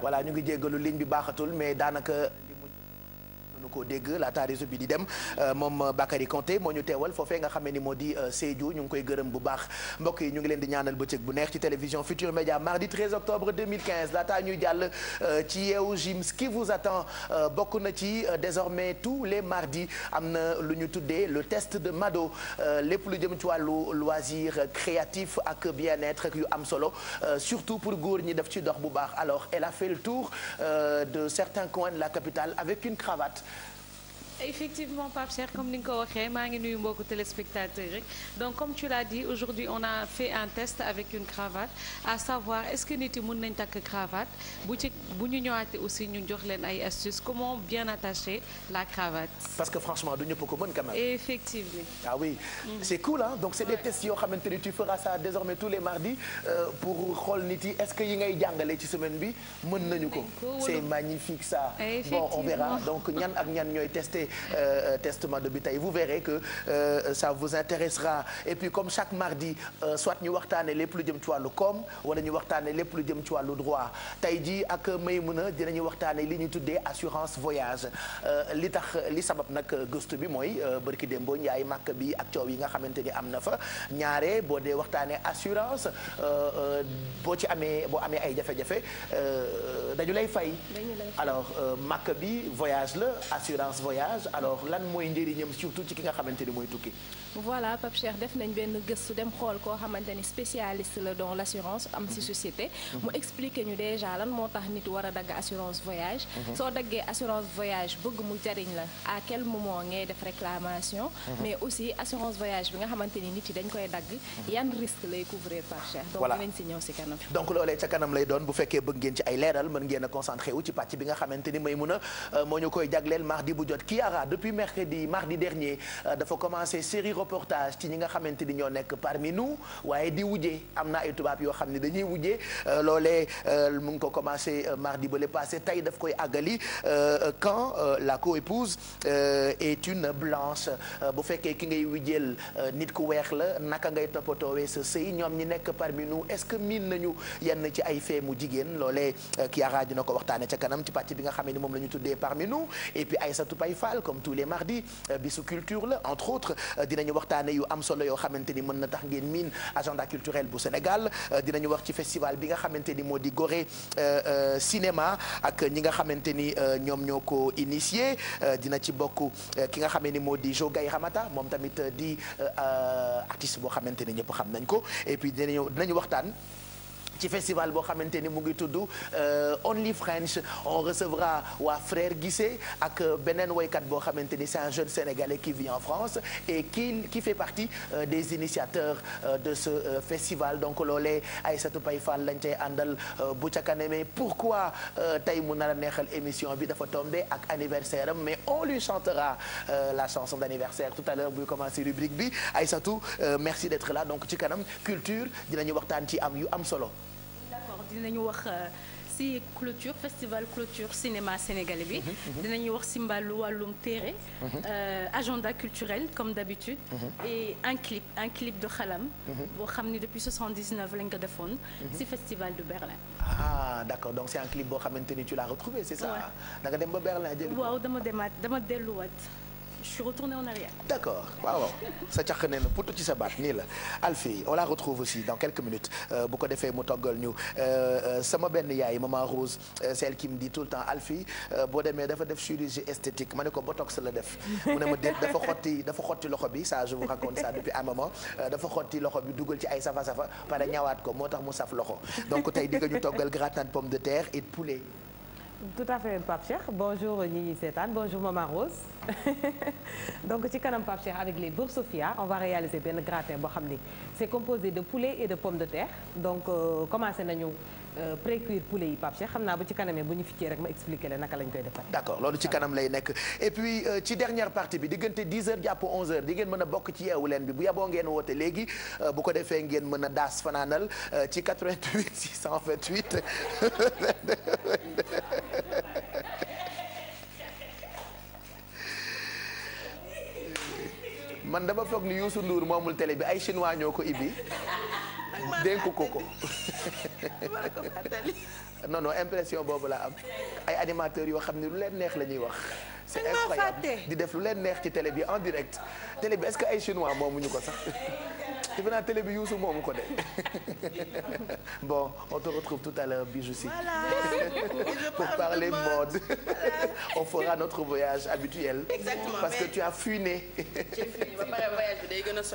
voilà ñu ngi jéggalu ligne bi baaxatul mais daanaka. koo dégg laataa réseau bi di dem euh, moom euh, Bakary Konté moo ñu teewal foofee nga xam ne ni moo di euh, Sédhiou ñu ngi koy gërëm bu baax mbokk yi ñu ngi leen di ñaanal bëccëg bu neex ci télévision Futur Média mardi 13 octobre 2015 laataa ñuy jàll ci yeewu Jim ce qui vous attend bokk na ci désormais tous les mardis am na lu ñu tuddee le test de Mado lépp lu jëm ci wàllu loisir créatif ak bien-être yu am solo surtout pour góor ñi def ci dox bu baax alors elle a fait le tour de certains coins la capitale avec une cravate effectivement Pape Cheikh comme ni nga ko waxee maa ngi nuyu mbokku téléspectateur rek donc comme tu l'as dit aujourd'hui on a fait un test avec une cravate à savoir est-ce que nit yi mën nañ takk cravate bu ci bu ñu ñëwaatee aussi ñu jox leen ay astuces comment bien attacher la cravate. parce que franchement du ñëpp ko mën quand même. effectivement. ah oui mm. c'est cool donc c'est des tests yoo xamante ni tu feras ça désormais tous les mardis euh, pour xool nit est-ce que yi ngay jàngale ci semaine bi mën nañu ko. c'est magnifique ça. bon on ñan ak ñan ñooy tester. lisez euh, euh, testament de Butaï vous verrez que euh, ça vous intéressera et puis comme chaque mardi soit ñu waxtaane lépp lu jëm ci wàllu koom wala ñu waxtaane lépp lu jëm ci wàllu droit tey jii ak Maymuna dinañu waxtaane li ñu tuddee assurance voyage li tax li sabab nag gëstu bi mooy bërki démboo njaay màkk bi ak coow yi nga xamante ni am na fa ñaare boo dee waxtaanee assurance boo ci amee boo amee ay jafe-jafe dañu lay fay alors màkk bi voyage la assurance voyage voyage alors lan mooy njëriñam surtout ci ki nga xamante mooy tukki. voilà Pape Cheikh def nañ benn gëstu dem xool koo xamante ni la dans l' assurance am ci mhm. société. Mhm. mu expliqué ñu déjà lan moo tax nit war dagg assurance voyage. Mhm. soo daggee assurance voyage bëgg mu jariñ la à quel moment ngay def réclamation. mais aussi assurance voyage bi nga xamante nit yi dañ koy dagg. yan risque lay couvrir Pape Cheikh. donc loolee ca kanam lay doon bu fekkee bëgg a a euh, moo ñu koy jagleel Diarra depuis mercredi mardi dernier euh, dafa commencé série reportage ci ñi nga xamante ni ñoo nekk parmi nous waaye di wujje am na ay tubaab yoo xam ne dañuy wujje euh, loole euh, mu ngi ko commencé mardi bale le passé tey daf koy àggali quand la coépouse est une blanche bu fekkee ki ngay wujjeel nit ku weex la naka ngay toppatoowee sa sëy ñoom ñi nekk parmi nous est-ce que miin nañu yenn ci ay fee mu jigéen loolee Kiara dina ko waxtaane ca kanam ci pàcc bi nga xam ne moom la ñu tuddee parmi nous comme tous les mardis euh, bisu culture la entre autres euh, dinañu waxtaane yu am solo yoo xamante ni mën na tax ngeen miin agenda culturel bu Sénégal euh, dinañu wax ci festival bi nga xamante ni moo di Gorée cinéma ak ñi nga xamante ni ñoom ñoo ko initié dina ci bokk ki nga xamee ni moo di Jogay Ramata moom tamit di artiste boo xamante ni ñëpp xam nañ ko et puis dinañu waxtaan ci festival boo xamante ni mu ngi tudd euh, Only French on recevra waa Frère Guissé ak beneen waykat boo xamante ni c'est un jeune sénégalais qui vit en France et qui qui fait partie euh, des initiateurs euh, de ce festival donc loolee Aïssatou Paye Fall lañ cay àndal bu ca kanamee pourquoi tey mu nar a neexal émission bi dafa de ak anniversaire am mais on lui chantera la chanson d'anniversaire tout à l'heure buy commencer rubrique bi Aïssatou merci d'être là donc ci kanam culture dinañu waxtaan ci am yu am dinañu wax ci euh, clôture festival clôture cinéma sénégalais bi. Mhm, mhm. dinañu wax ci mbalu wàllum téere. Mhm. Euh, agenda culturel comme d'habitude. et un clip un de xalam. boo xam ni depuis 79 lañ ko defoon. ci festival de Berlin. ah d'accord donc c'est un clip boo xamante ni tu l'as retrouvé c'est ça. dem ba Berlin jël. waaw dama demaat dama delluwaat. je suis retournée en d'accord sa caq nee na putu ci sa baat nii la Alfie on la retrouve aussi dans quelques minutes euh, bu ko defee mu toggal ñu euh, euh, sama benn yaay maman Rose celle qui me dit tout le temps Alfie boo demee dafa def chirurgie esthétique ma ne ko botox la def mu ne ma déet dafa xotti dafa xotti loxo bi ça je vous raconte ça depuis un moment dafa xotti loxo bi dugal ci ay safa safa pare ñawaat ko moo tax mu saf loxo donc tey di ñu toggal gratin de pomme de terre et poulet. tout à fait Pape Cheikh bonjour ñi ñuy seetaan bonjour Maman Rose <laughs> donc ci kanam Pape Cheikh avec les Boursofia on va réaliser benn gratin boo xam ni c'est composé de poulet et de pommes de terre donc euh, commencé nañu. Euh, précuire poulet yi Pape Cheikh xam naa bu ci kanamee bu ñu ficcee rek ma expliquer la naka lañ koy defar d'accord loolu ci kanam lay nekk et puis euh, ci dernière partie bi diggante 10 heures jàpp 11 heures di ngeen mën a bokk ci yeewu leen bi bu yaboo ngeen woote léegi euh, bu ko defee ngeen mën a daas fanaanal ci 88 628 <laughs> man dama foog ni Youssou Ndour moomul télé bi ay chinois ñoo ko ibbi dénku ko ko <laughs> non non impression boobu laa am ay animateurs yoo xam ne lu leen neex la ñuy wax. c'est incroyable di def lu leen neex ci télé bi en direct télé bi est-ce que ay chinois moomuñu ko sax. <laughs> defe naa télé bi Youssou moomu ko de bon on te retrouve tout Bijou Sy <laughs> pour parler mode on fera notre voyage habituel exactement parce que tu as funé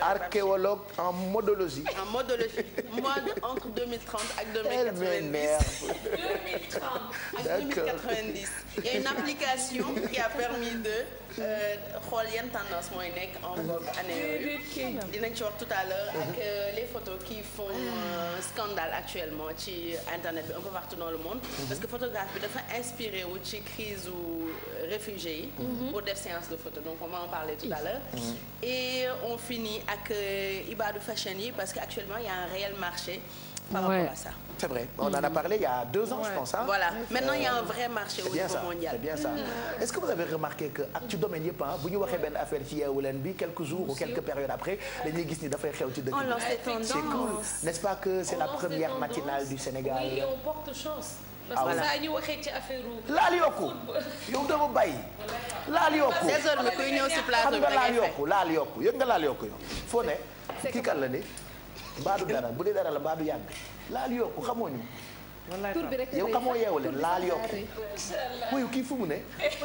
archéologue en modologie en modologie ak 2090 2030 ak 2090 il a permis de Euh, xool yan tendance mooy nekk en vogue année yooyu dinañ ci tout à l'heure mhm. ak euh, les photos qui font ah. euh, scandale actuellement ci internet bi un partout dans le monde mhm. parce que photographe bi dafa inspiré wu ci crise u réfugiés yi mhm. pour def séance de photo donc on va en parler tout à l'heure et on finit ak Ibadou Fashion parce que actuellement il y a un réel marché par ouais. C'est vrai, on a mm. parlé il y a deux ans, ouais. je pense. y a un vrai marché au niveau ça. mondial. C'est mm. ce que vous avez remarqué que ak ci domaine yëpp ah bu ñu waxee benn affaire ci Yeewu Leen bi quelques jours ou quelques périodes après dañuy gis ni dafay xew ci dëkk bi. C'est cool, n'est-ce pas que c'est la première matinale du Sénégal. Oui, on porte chance. Ah parce que saa ñu waxee ci affaire laal yokku yow dama bàyyi. laal yokku désormais kuy baadu dara bu dee dara la baadu yàgg laal yokku xamoo ñu. tur bi rek yow xamoo yeewu leen laal yokku. muy kii fu ne.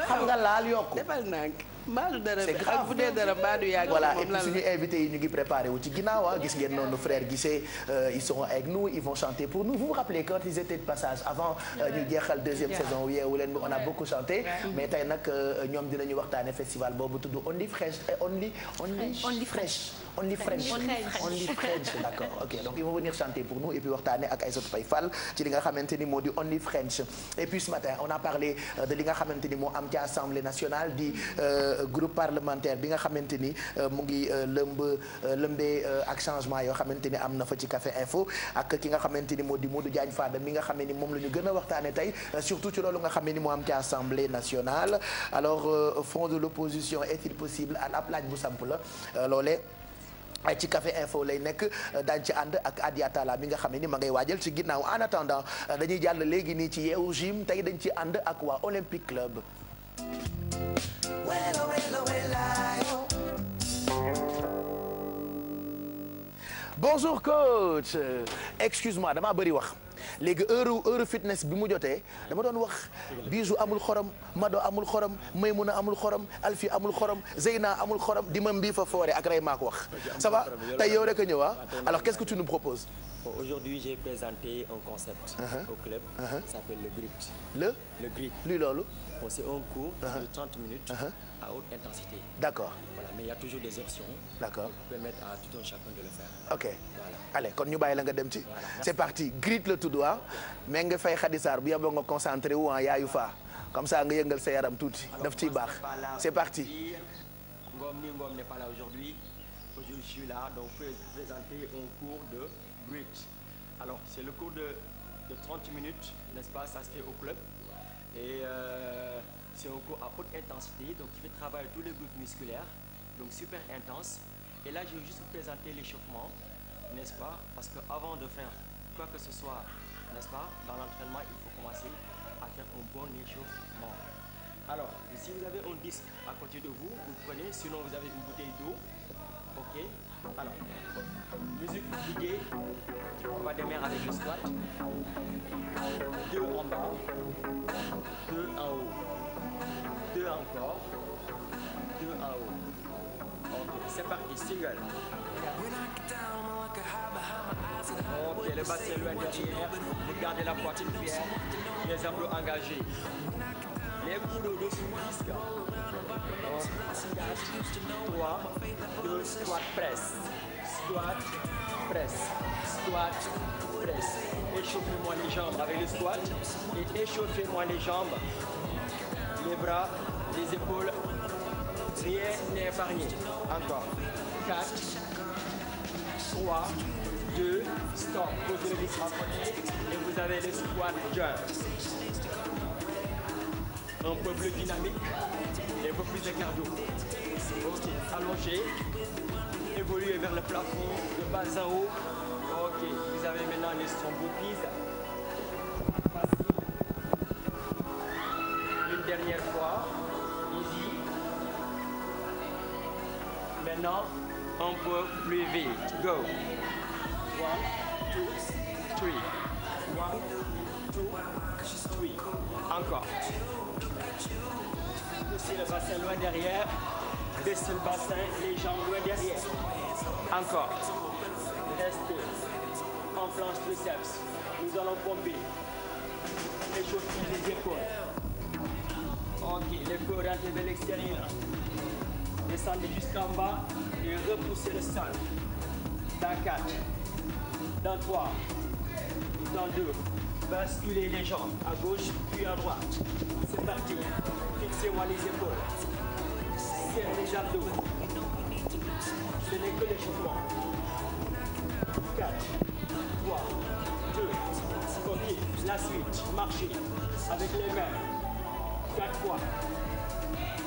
xam nga laal yokku. defal naa mbaadu dara ak ah, bu dee dara mbaadu yàgg. voilà et puis suñu invité yi ñu ngi préparé wu ci ginnaaw ah gis ngeen noonu frère Guissé euh, ils seront avec nous ils vont chanter pour nous vous vous rappelez quand ils étaient de passage avant euh, ñu jeexal deuxième saison yeewu leen bi on a beaucoup chanté. Mm-hmm. mais tey nag euh, ñoom dinañu waxtaane festival boobu tudd Only Fresh Only Only Fresh. only French only French d'accord ok donc ils vont venir chanter pour nous et puis waxtaane ak Aïssatou Faye Fall ci li nga xamante ni moo di only French et puis ce matin on a parlé euh, de li nga xamante ni moo am ci assemblée nationale di euh, groupe parlementaire bi nga xamante ni euh, mu ngi lëmb lëmbee ak changement yoo xamante ni am na fa ci café info ak ki nga xamante ni moo di Modou Diagne Fada mi nga xam ne ni moom la ñu gën a waxtaane tey surtout ci loolu nga xam ne ni moo am ci assemblée nationale alors front de l'opposition est-il possible à la plage bu samp la loolee ci café info lay nekk euh, daañ ci ànd ak Adia Talla mi nga xam ne ni ma ngay waajal ci ginnaaw en attendant euh, dañuy jàll léegi nii ci yeewu gym tey dañ ci ànd ak waa Olympique Club bonjour coach euh, excuse-moi damaa bëri wax léegi heure heure fitness bi mu jotee dama doon wax bisu amul xorom mado amul xorom maymuna amul xorom alfi amul xorom zeyna amul xorom di ma mbii fa foore ak ko wax ça va tey yow rek a ñëwa ah? alors qu'est-ce que tu nous proposes aujourd'hui j'ai présenté un concept uh le grid le un cours uh-huh. de 30 minutes uh-huh. à haute intensité d'accord des options d'accord ok allez kon ñu bàyyi la nga dem ci c'est parti grit la tudd waaw mais nga fay xadisaar bu yeboo nga concentré wu en yaayu faa comme ça nga yëngal sa yaram tuuti daf ciy baax c'est parti Ngom ni Ngom n'est pas là aujourd'hui aujourd'hui je suis là donc pour présenter un cours de grit alors c'est le cours de de 30 minutes n'est-ce pas ça se fait au club et euh, c'est un cours à haute intensité donc tous les groupes musculaires donc super intense et là je vais juste l'échauffement n'est-ce pas Parce qu'avant de faire quoi que ce soit, n'est-ce pas, dans l'entraînement, il faut commencer à faire un bon échauffement. Alors, si vous avez un disque à côté de vous, vous prenez, sinon vous avez une bouteille d'eau. Ok Alors, musique guidée, on va démarrer avec le squat. Deux en bas, deux haut, deux haut. c'est parti, single. Ok, le bas s'éloigne derrière. Vous gardez la poitrine fière. Les abdos engagés. Les coudes au-dessous du disque. 3, 2, squat, presse. Squat, presse. Squat, presse. Échauffez-moi les jambes avec le squat. Et échauffez-moi les jambes. Les bras, les épaules Rien n'est épargné. Encore. 4, 3, 2, stop. Posez le bras et vous avez le squat jump. Un peu plus dynamique et un peu plus de cardio. Ok, allongez. Évoluez vers le plafond, de bas à haut. Ok, vous avez maintenant les strombopies. maintenant on peut plus vite. Go. One, two, three. One, two, le bassin loin derrière. Baissez le bassin, les derrière. Encore. Restez. En planche triceps. Nous allons pomper. les épaules. Ok, le corps Descendez jusqu'en bas et repoussez le sol. Dans 4, dans 3, dans 2. Basculez les jambes à gauche puis à droite. C'est parti. Fixez-moi les épaules. Serrez les abdos. Ce n'est que la suite, marchez avec les mains, 4 fois,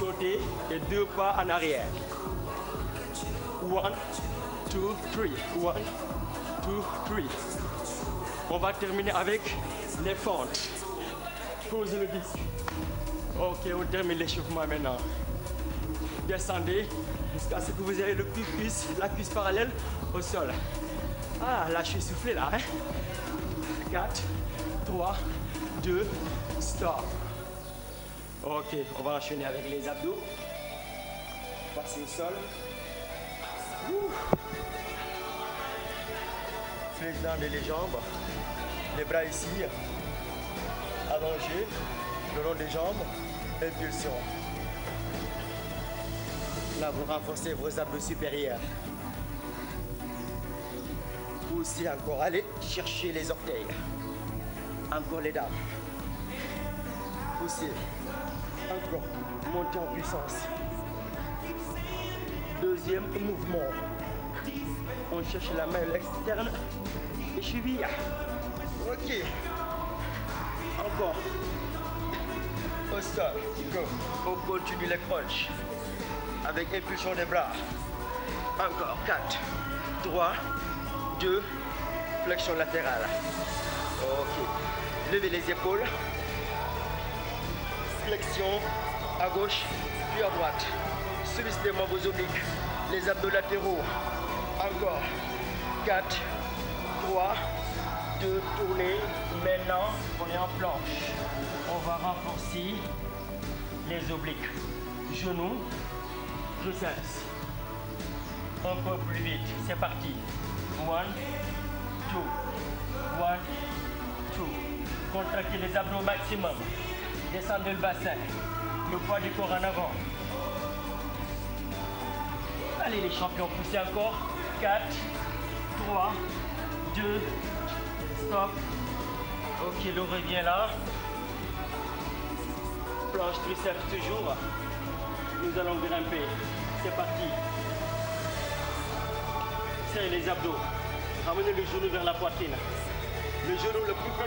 sauter et deux pas en arrière. One, two, three. One, two, three. On va terminer avec les fentes. Pose le disque. Ok, on termine l'échauffement maintenant. Descendez jusqu'à ce que vous ayez le cuisse, parallèle au sol. Ah, là, je suis là. Hein? 4, 3, 2, stop. Ok, on va enchaîner avec les abdos. Passer au sol. Flexionnez les jambes. Les bras ici. Allongés. Le long des jambes. Impulsion. Là, vous renforcez vos abdos supérieurs. Aussi encore, allez chercher les orteils. Encore les dames. Poussez. encore monter en puissance. Deuxième mouvement. On cherche la main externe et cheville. Ok. Encore. Au sol. Go. On continue les Avec impulsion des bras. Encore. 4, 3, 2, flexion latérale. Ok. Levez les épaules. flexion à gauche puis à droite. Subissez des membres les abdos Encore. 4, 3, Maintenant, on est en planche. On va renforcer les obliques. Genoux, je Un peu plus vite, c'est parti. One, two, one, two. Contractez les abdos maximum. Descendez le bassin. Le poids du corps Allez les champions, poussez encore. 4, 3, 2, stop. Ok, l'eau revient Planche triceps toujours. Nous allons grimper. C'est parti. Serrez les abdos. Ramenez le genou vers la poitrine. Le genou le plus près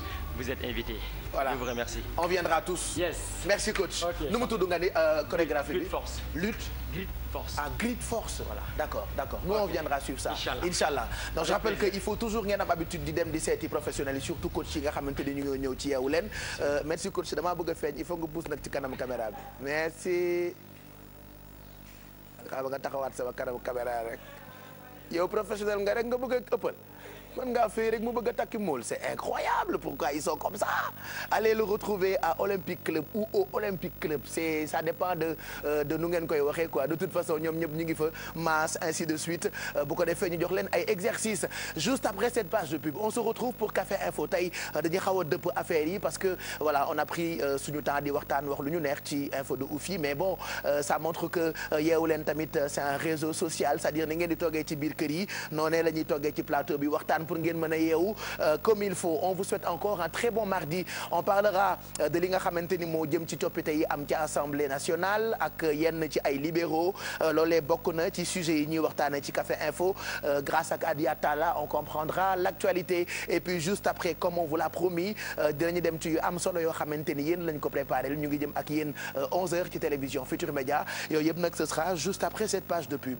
vous êtes invité. voilà je vous remercie. on viendra tous. merci coach. ok nu mu tudd nga ni euh, chorégraphie bi. lutte force lutte. grit force ah grit d' accord d' accord nous okay. on viendra suivre ça. incha allah incha allah donc je rappelle que il faut toujours ngeen am habitude di dem di seeti professionnels yi surtout coach yi nga xamante ni ñu ngi ñëw ci euh, merci coach damaa bëgg a feeñ il faut nga pousse nag ci caméra bi. merci. taxawaat sama kanam caméra rek. yow professionnel nga rek nga bëgg a mën nga fay rek mu bëgg a takki mool c'est incroyable pourquoi ils sont comme ça allez le retrouver à Olympique Club ou au Olympique Club c'est ça dépend de euh, de nu koy waxee quoi de toute façon ñoom ñëpp ñu ngi fa masse ainsi de suite euh, bu ko defee ñu jox leen ay exercices juste après cette page de pub on se retrouve pour Café Info tey dañuy xaw a dëpp affaire yi parce que voilà on a pris euh, suñu temps di waxtaan wax lu ñu neex ci info de ouf yi mais bon ça montre que Yeewu Leen tamit c'est un réseau social c'est-à-dire ni yi ñuy toggee ci plateau bi waxtaan waxtaan pour ngeen mën a yeewu euh, comme il faut on vous souhaite encore un très bon mardi on parlera euh, de li nga xamante ni moo jëm ci coppite yi am ci assemblée nationale ak yenn ci ay libéraux euh, loolee bokk na ci sujet yi ñuy waxtaanee ci café info grâce ak Adia Talla on comprendra l'actualité et puis juste après comme on vous l'a promis dinañu dem ci yu am solo yoo xamante ni yéen lañ ko préparé ñu ngi jëm ak yéen 11h ci télévision Futur Média yooyu yëpp nag ce sera juste après cette page de pub